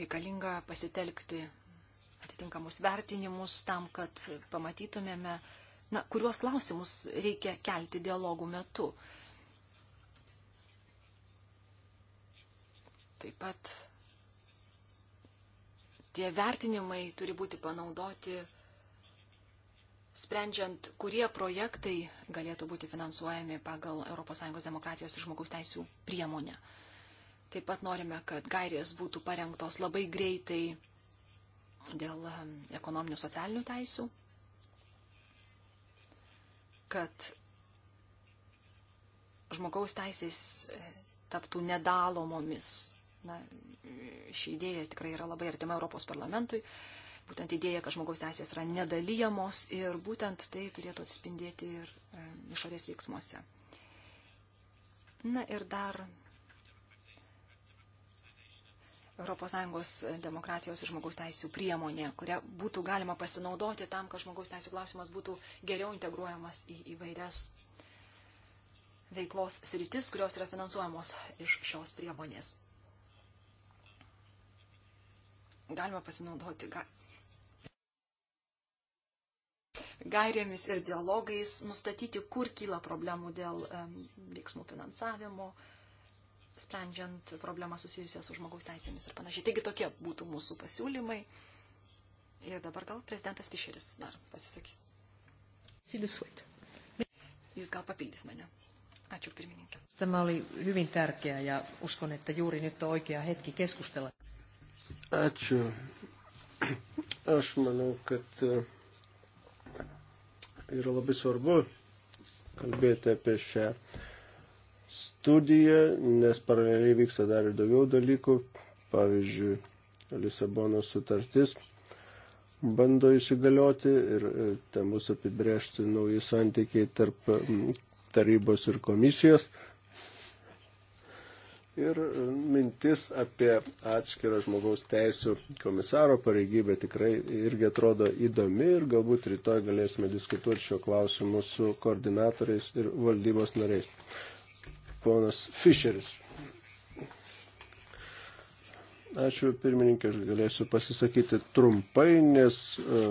Reikalinga pasitelkti atitinkamus vertinimus tam, kad pamatytumėme, na, kuriuos klausimus reikia kelti dialogų metu. Uh, Taip pat tie vertinimai turi būti panaudoti sprendžiant, kurie projektai galėtų būti finansuojami pagal ES demokratijos ir žmogaus teisų priemonę. Taip pat norime, kad gairės būtų parengtos labai greitai dėl um, ekonominių socialinių teisų, kad žmogaus teisės e, taptų nedalomomis na, ši idėja tikrai yra labai artima Europos parlamentui. Būtent idėja, kad žmogaus teisės yra nedalyjamos ir būtent tai turėtų atspindėti ir e, išorės veiksmuose. Na ir dar ES demokratijos ir žmogaus teisų priemonė, kurią būtų galima pasinaudoti tam, kad žmogaus teisų klausimas būtų geriau integruojamas į įvairias veiklos sritis, kurios yra finansuojamos iš šios priemonės galima pasinaudoti ga... gairėmis ir dialogais, nustatyti, kur kyla problemų dėl um, veiksmų finansavimo, sprendžiant problemą susijusią su žmogaus teisėmis ir panašiai. Taigi tokie būtų mūsų pasiūlymai. Ir dabar gal prezidentas Fischeris dar pasisakys. Jis gal papildys mane. Ačiū pirmininkė. Tämä oli hyvin tärkeä ja uskon, että juuri nyt on oikea hetki keskustella. Ačiū. Aš manau, kad e, yra labai svarbu kalbėti apie šią studiją, nes paraleliai vyksta dar ir daugiau dalykų. Pavyzdžiui, Lisabonos sutartis bando įsigalioti ir e, ten bus apibrėžti nauji santykiai tarp tarybos ir komisijos. Ir e, mintis apie atskirą žmogaus teisų komisaro pareigybę tikrai irgi atrodo įdomi ir galbūt rytoj galėsime diskutuoti šio klausimu su koordinatoriais ir valdybos nariais. Ponas Fischeris. Ačiū pirmininkė, aš galėsiu pasisakyti trumpai, nes e,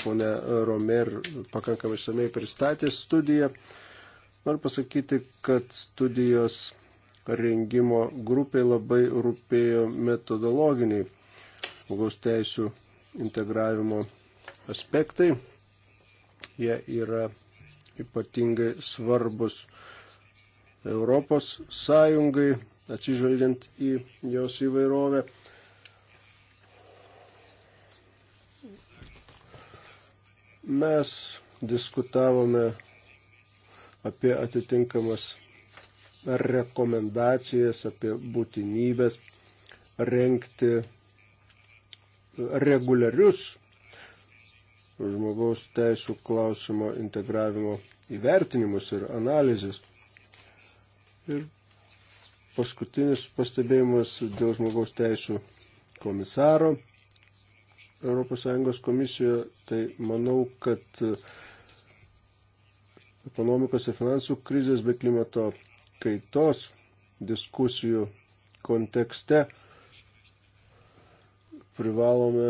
ponė Romer pakankamai išsamei pristatė studiją. Noriu pasakyti, kad studijos rengimo grupiai labai rūpėjo metodologiniai žmogaus teisų integravimo aspektai. Jie yra ypatingai svarbus Europos Sąjungai, atsižvelgiant į jos įvairovę. Mes diskutavome apie atitinkamas rekomendacijas apie būtinybės renkti reguliarius žmogaus teisų klausimo integravimo įvertinimus ir analizės. Ir paskutinis pastebėjimas dėl žmogaus teisų komisaro ES komisijoje, tai manau, kad ekonomikos ir finansų krizės bei klimato kaitos diskusijų kontekste privalome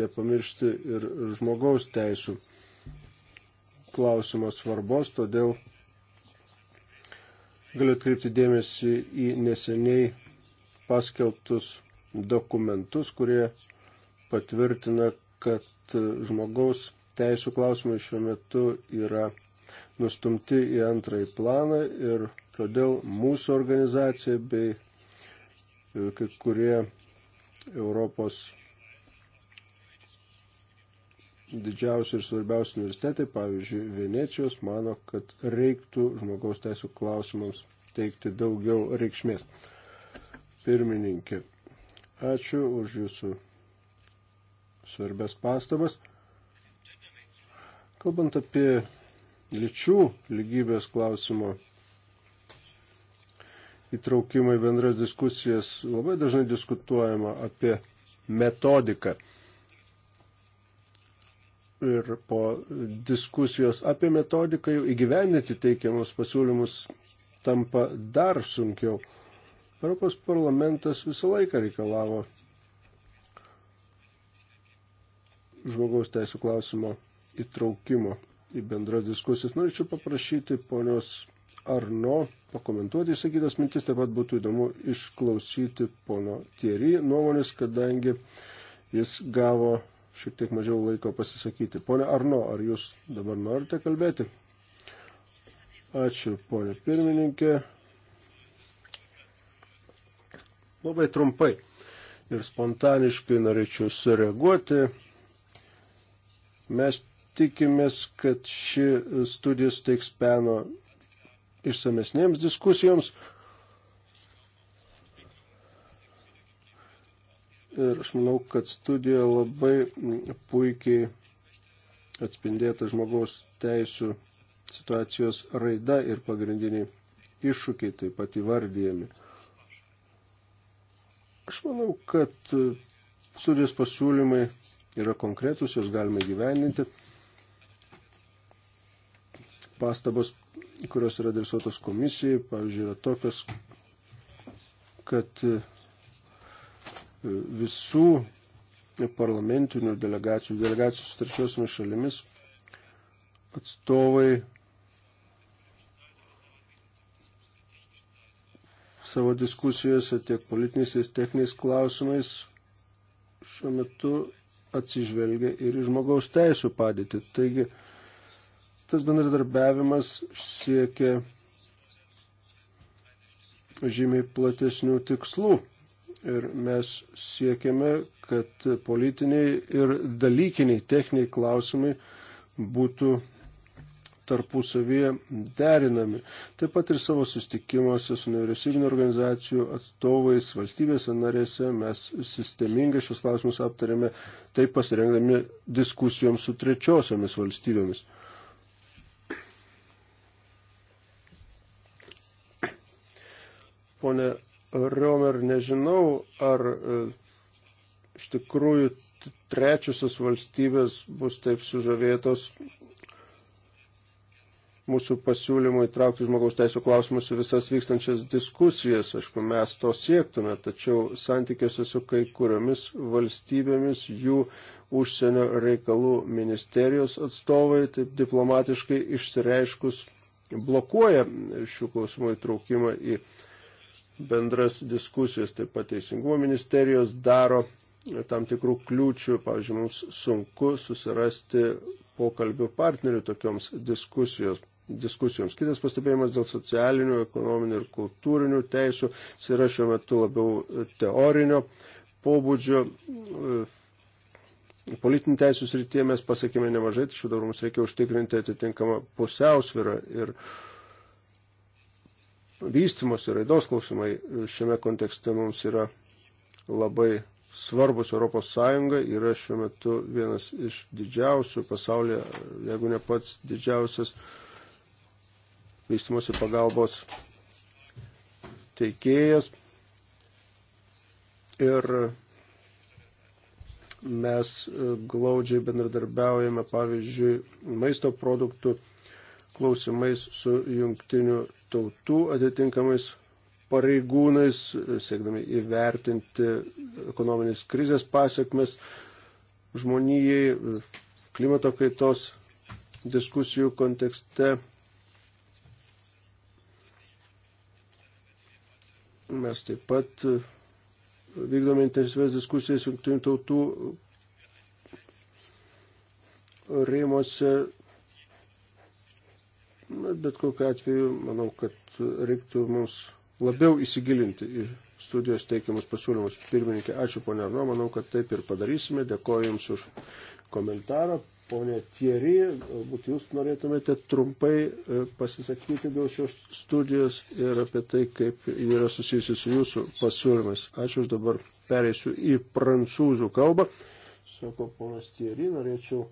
nepamiršti ir žmogaus teisų klausimo svarbos, todėl galiu atkreipti dėmesį į neseniai paskelbtus dokumentus, kurie patvirtina, kad žmogaus teisų klausimai šiuo metu yra nustumti į antrąjį planą ir todėl mūsų organizacija bei e, kai kurie Europos didžiausi ir svarbiausi universitetai, pavyzdžiui, Venecijos, mano, kad reiktų žmogaus teisų klausimams teikti daugiau reikšmės. Pirmininkė, ačiū už jūsų svarbias pastabas. Kalbant apie lyčių lygybės klausimo įtraukimą į bendras diskusijas labai dažnai diskutuojama apie metodiką. Ir po diskusijos apie metodiką jau įgyvendinti teikiamus pasiūlymus tampa dar sunkiau. Europos parlamentas visą laiką reikalavo žmogaus teisų klausimo įtraukimo į bendras diskusijas. Norėčiau paprašyti ponios Arno pakomentuoti įsakytas mintis, taip pat būtų įdomu išklausyti pono Tierį nuomonės, kadangi jis gavo šiek tiek mažiau laiko pasisakyti. Pone Arno, ar jūs dabar norite kalbėti? Ačiū, ponė pirmininkė. Labai trumpai ir spontaniškai norėčiau sureaguoti. Mes Tikimės, kad ši studija suteiks peno išsamesnėms diskusijoms. Ir aš manau, kad studija labai puikiai atspindėta žmogaus teisų situacijos raida ir pagrindiniai iššūkiai taip pat įvardyjami. Aš manau, kad studijos pasiūlymai yra konkretus, jos galima gyveninti pastabos, kurios yra adresuotos komisijai, pavyzdžiui, yra tokios, kad e, visų parlamentinių delegacijų, delegacijų su trečiosiomis šalimis atstovai savo diskusijose tiek politiniais ir techniniais klausimais šiuo metu atsižvelgia ir į žmogaus teisų padėtį. Taigi Tas bendradarbiavimas siekia žymiai platesnių tikslų ir mes siekiame, kad politiniai ir dalykiniai techniniai klausimai būtų tarpusavyje derinami. Taip pat ir savo sustikimuose su nevyriausybinio organizacijų atstovais valstybėse narėse mes sistemingai šios klausimus aptarėme, taip pasirengdami diskusijoms su trečiosiamis valstybėmis. Pone Riomer, nežinau, ar e, iš tikrųjų trečiosios valstybės bus taip sužavėtos mūsų pasiūlymų įtraukti žmogaus teisų klausimus į visas vykstančias diskusijas. Aišku, mes to siektume, tačiau santykiuose su kai kuriomis valstybėmis jų užsienio reikalų ministerijos atstovai, taip diplomatiškai išsireiškus, blokuoja šių klausimų įtraukimą į bendras diskusijas, taip pat Teisingumo ministerijos daro tam tikrų kliūčių, pavyzdžiui, mums sunku susirasti pokalbių partnerių tokioms diskusijos, diskusijoms. Kitas pastebėjimas dėl socialinių, ekonominių ir kultūrinių teisų, jis yra šiuo metu labiau teorinio pobūdžio. Politinių teisų srityje mes pasakėme nemažai, tačiau dar mums reikia užtikrinti atitinkamą pusiausvyrą ir uh, vystimus ir raidos klausimai šiame kontekste mums yra labai svarbus Europos Sąjunga, yra šiuo metu vienas iš didžiausių pasaulyje, jeigu ne pats didžiausias vystimosi pagalbos teikėjas. Ir mes glaudžiai bendradarbiaujame, pavyzdžiui, maisto produktų klausimais su jungtiniu tautų atitinkamais pareigūnais, siekdami įvertinti ekonominės krizės pasiekmes žmonijai, klimato kaitos diskusijų kontekste. Mes taip pat vykdome intensyves diskusijas jungtinių tautų rėmose bet kokiu atveju manau, kad reiktų mums labiau įsigilinti į studijos teikiamus pasiūlymus. Pirmininkė, ačiū ponė Arno, manau, kad taip ir padarysime. Dėkoju Jums už komentarą. Pone Tieri, galbūt Jūs norėtumėte trumpai e, pasisakyti dėl šios studijos ir apie tai, kaip yra susijusi su Jūsų pasiūlymais. Ačiū, aš dabar pereisiu į prancūzų kalbą. Sako ponas Tieri, norėčiau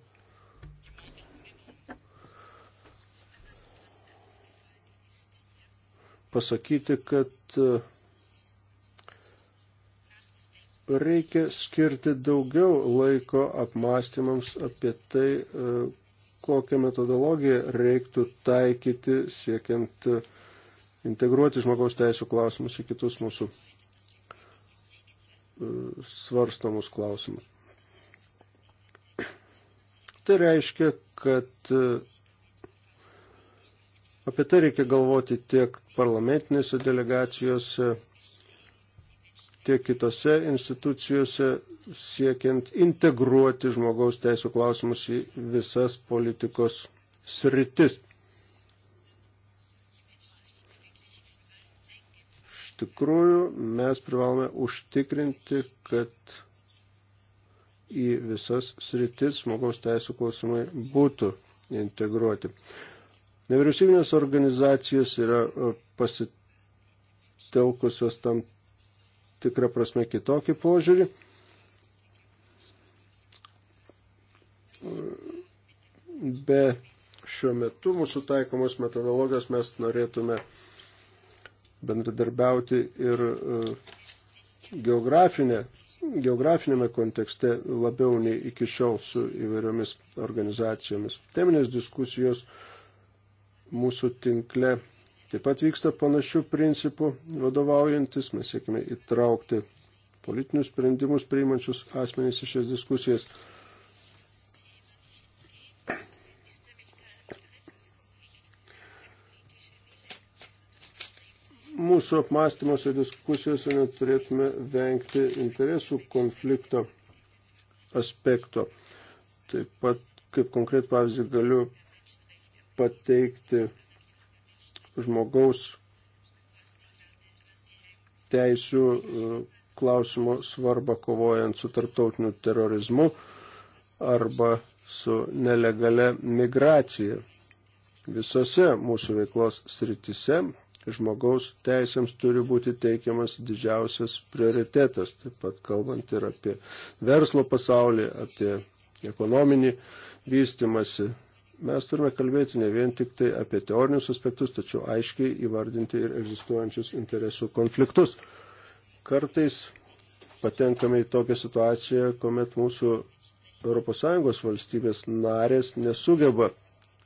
pasakyti, kad e, reikia skirti daugiau laiko apmąstymams apie tai, e, kokią metodologiją reiktų taikyti siekiant e, integruoti žmogaus teisų klausimus į kitus mūsų svarstomus klausimus. Tai reiškia, kad Apie tai reikia galvoti tiek parlamentinėse delegacijose, tiek kitose institucijose, siekiant integruoti žmogaus teisų klausimus į visas politikos sritis. Iš tikrųjų, mes privalome užtikrinti, kad į visas sritis žmogaus teisų klausimai būtų integruoti. Nevyriausybinės organizacijos yra e, pasitelkusios tam tikrą prasme kitokį požiūrį. Be šiuo metu mūsų taikomos metodologijos mes norėtume bendradarbiauti ir e, geografinė, geografinėme kontekste labiau nei iki šiol su įvairiomis organizacijomis. Teminės diskusijos uh, mūsų tinkle taip pat vyksta panašių principų vadovaujantis. Mes siekime įtraukti politinius sprendimus priimančius asmenys į šias diskusijas. Mūsų apmąstymuose diskusijose neturėtume vengti interesų konflikto aspekto. Taip pat, kaip konkret pavyzdį, galiu pateikti žmogaus teisų e, klausimo svarbą kovojant su tarptautiniu terorizmu arba su nelegale migracija. Visose mūsų veiklos sritise žmogaus teisėms turi būti teikiamas didžiausias prioritetas, taip pat kalbant ir apie verslo pasaulį, apie ekonominį vystimasi, mes turime kalbėti ne vien tik tai apie teorinius aspektus, tačiau aiškiai įvardinti ir egzistuojančius interesų konfliktus. Kartais patenkame į tokią situaciją, kuomet mūsų ES valstybės narės nesugeba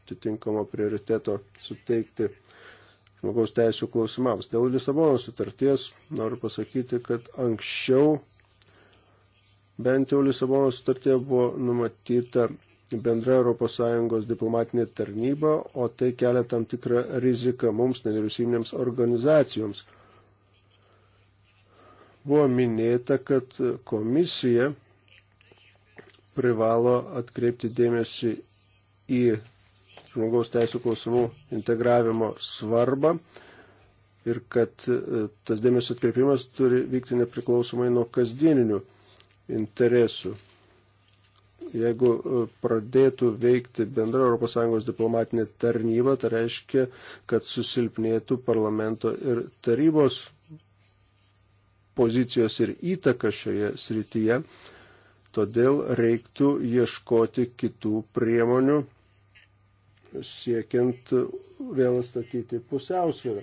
atitinkamo prioriteto suteikti žmogaus teisų klausimams. Dėl Lisabono sutarties noriu pasakyti, kad anksčiau bent jau Lisabono sutartėje buvo numatyta bendra ES diplomatinė tarnyba, o tai kelia tam tikrą riziką mums, nevyriausybinėms organizacijoms. Buvo minėta, kad komisija privalo atkreipti dėmesį į žmogaus teisų klausimų integravimo svarbą ir kad e, tas dėmesio atkreipimas turi vykti nepriklausomai nuo kasdieninių interesų jeigu e, pradėtų veikti bendra ES diplomatinė tarnyba, tai reiškia, kad susilpnėtų parlamento ir tarybos pozicijos ir įtaka šioje srityje. Todėl reiktų ieškoti kitų priemonių, siekiant vėl statyti pusiausvyrą.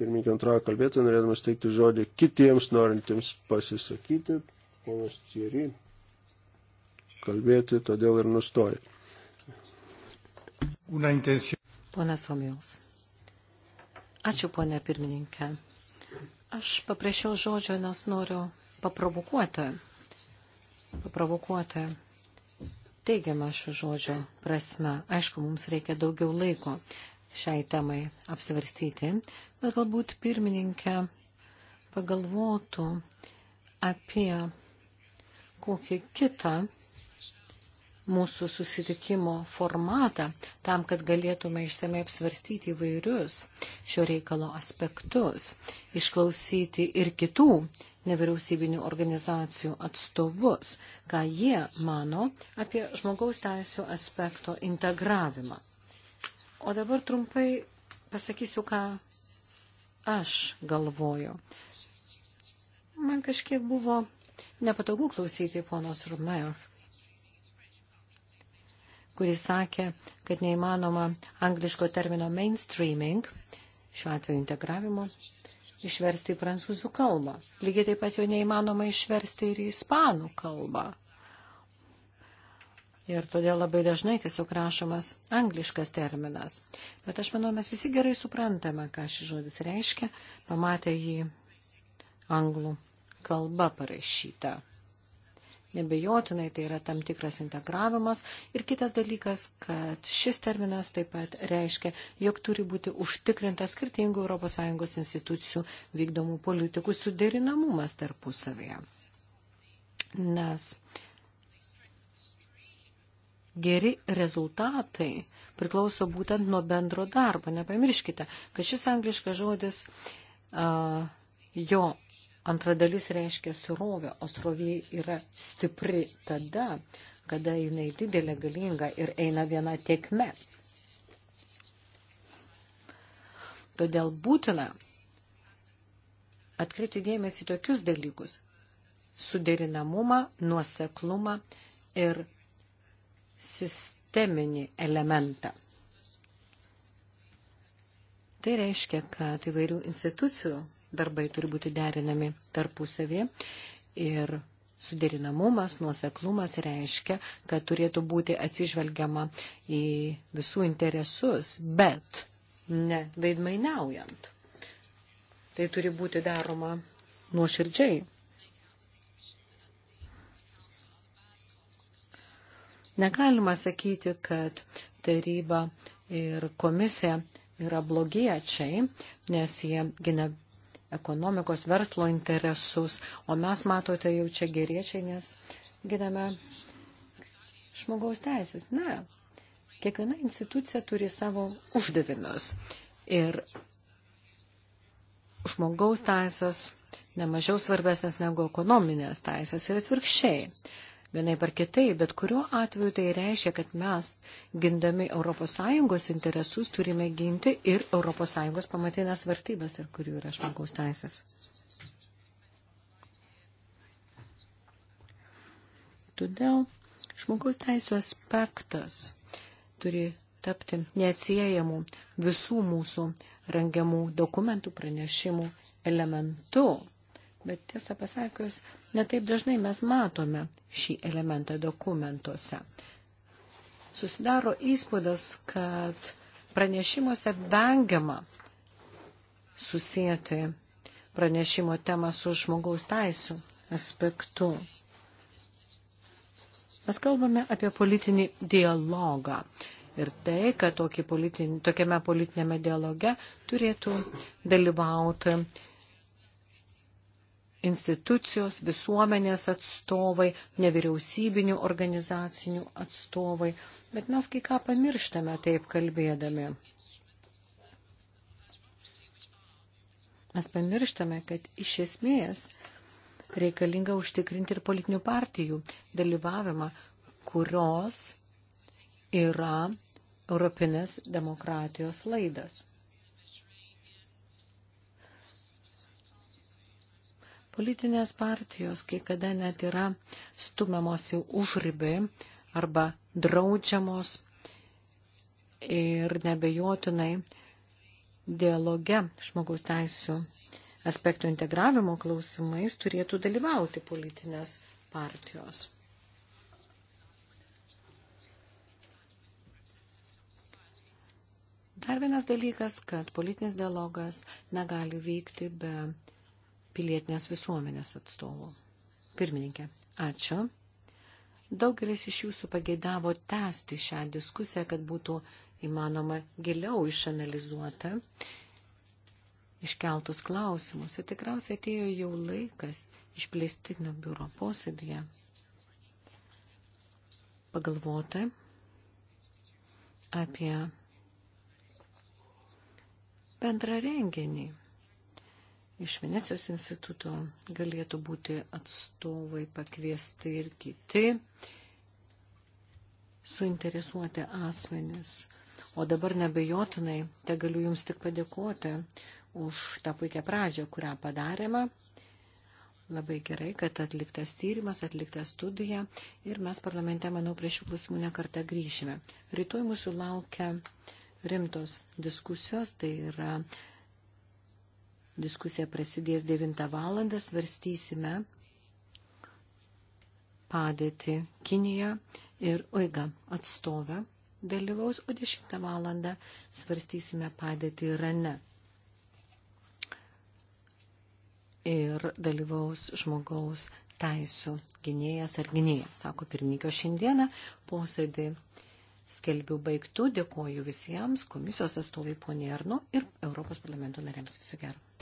Pirmininkė antrojo kalbėtoja, norėdamas teikti žodį kitiems norintiems pasisakyti, ponas Thierry kalbėti, todėl ir nustoja. Ponas Omils. Ačiū, ponė pirmininkė. Aš paprašiau žodžio, nes noriu paprovokuoti, paprovokuoti teigiamą šio žodžio prasme. Aišku, mums reikia daugiau laiko šiai temai apsvarstyti, bet galbūt pirmininkė pagalvotų apie kokį kitą mūsų susitikimo formatą, tam, kad galėtume išsamei apsvarstyti įvairius šio reikalo aspektus, išklausyti ir kitų nevyriausybinių organizacijų atstovus, ką jie mano apie žmogaus teisų aspekto integravimą. O dabar trumpai pasakysiu, ką aš galvoju. Man kažkiek buvo nepatogu klausyti ponos Rumer kuris sakė, kad neįmanoma angliško termino mainstreaming, šiuo atveju integravimo, išversti į prancūzų kalbą. Lygiai taip pat jo neįmanoma išversti ir į ispanų kalbą. Ir todėl labai dažnai tiesiog rašomas angliškas terminas. Bet aš manau, mes visi gerai suprantame, ką šis žodis reiškia, pamatę jį anglų kalba parašytą. Nebejotinai tai yra tam tikras integravimas. Ir kitas dalykas, kad šis terminas taip pat reiškia, jog turi būti užtikrintas skirtingų ES institucijų vykdomų politikų suderinamumas tarpusavėje. Nes geri rezultatai priklauso būtent nuo bendro darbo. Nepamirškite, kad šis angliškas žodis, uh, jo Antra dalis reiškia surovė, o srovė yra stipri tada, kada jinai didelė, galinga ir eina viena tiekme. Todėl būtina atkreipti dėmesį tokius dalykus - suderinamumą, nuoseklumą ir sisteminį elementą. Tai reiškia, kad įvairių institucijų darbai turi būti derinami tarpusavį ir suderinamumas, nuoseklumas reiškia, kad turėtų būti atsižvelgiama į visų interesus, bet ne veidmainiaujant. Tai turi būti daroma nuoširdžiai. Negalima sakyti, kad taryba ir komisija yra blogiečiai, nes jie gina ekonomikos verslo interesus, o mes matote jau čia geriečiai, nes gydame žmogaus teisės. Na, kiekviena institucija turi savo uždavinius ir žmogaus teisės nemažiau svarbesnės negu ekonominės teisės ir atvirkščiai vienai par kitai, bet kuriuo atveju tai reiškia, kad mes, gindami ES interesus, turime ginti ir ES pamatinės vertybės, ir kurių yra žmogaus teisės. Todėl žmogaus teisų aspektas turi tapti neatsiejamų visų mūsų rengiamų dokumentų pranešimų elementu. Bet tiesą pasakius, Netaip dažnai mes matome šį elementą dokumentuose. Susidaro įspūdis, kad pranešimuose vengiama susijęti pranešimo temą su žmogaus teisų aspektu. Mes kalbame apie politinį dialogą ir tai, kad politin, tokiame politinėme dialoge turėtų dalyvauti institucijos, visuomenės atstovai, nevyriausybinių organizacinių atstovai, bet mes kai ką pamirštame taip kalbėdami. Mes pamirštame, kad iš esmės reikalinga užtikrinti ir politinių partijų dalyvavimą, kurios yra europinės demokratijos laidas. Politinės partijos kai kada net yra stumiamos į užribį arba draudžiamos ir nebejotinai dialoge žmogaus teisų aspektų integravimo klausimais turėtų dalyvauti politinės partijos. Dar vienas dalykas, kad politinis dialogas negali vykti be pilietinės visuomenės atstovų. Pirmininkė, ačiū. Daugelis iš jūsų pageidavo tęsti šią diskusiją, kad būtų įmanoma giliau išanalizuoti iškeltus klausimus. Ir tikriausiai atėjo jau laikas išplėstinio biuro posėdėje pagalvoti apie bendrą renginį iš Venecijos instituto galėtų būti atstovai pakviesti ir kiti suinteresuoti asmenys. O dabar nebejotinai, te galiu Jums tik padėkoti už tą puikią pradžią, kurią padarėme. Labai gerai, kad atliktas tyrimas, atliktas studija ir mes parlamente, manau, prie šių klausimų nekartą grįšime. Rytoj mūsų laukia rimtos diskusijos, tai yra Diskusija prasidės 9 valandą, svarstysime padėti Kiniją ir UIGA atstovę dalyvaus, o 10 valandą svarstysime padėti Irane. Ir dalyvaus žmogaus teisų gynėjas ar gynėja, sako pirmininkio šiandieną posėdį. Skelbiu baigtų, dėkoju visiems, komisijos atstovai ponė Arno ir Europos parlamento nariams. Visų gerų.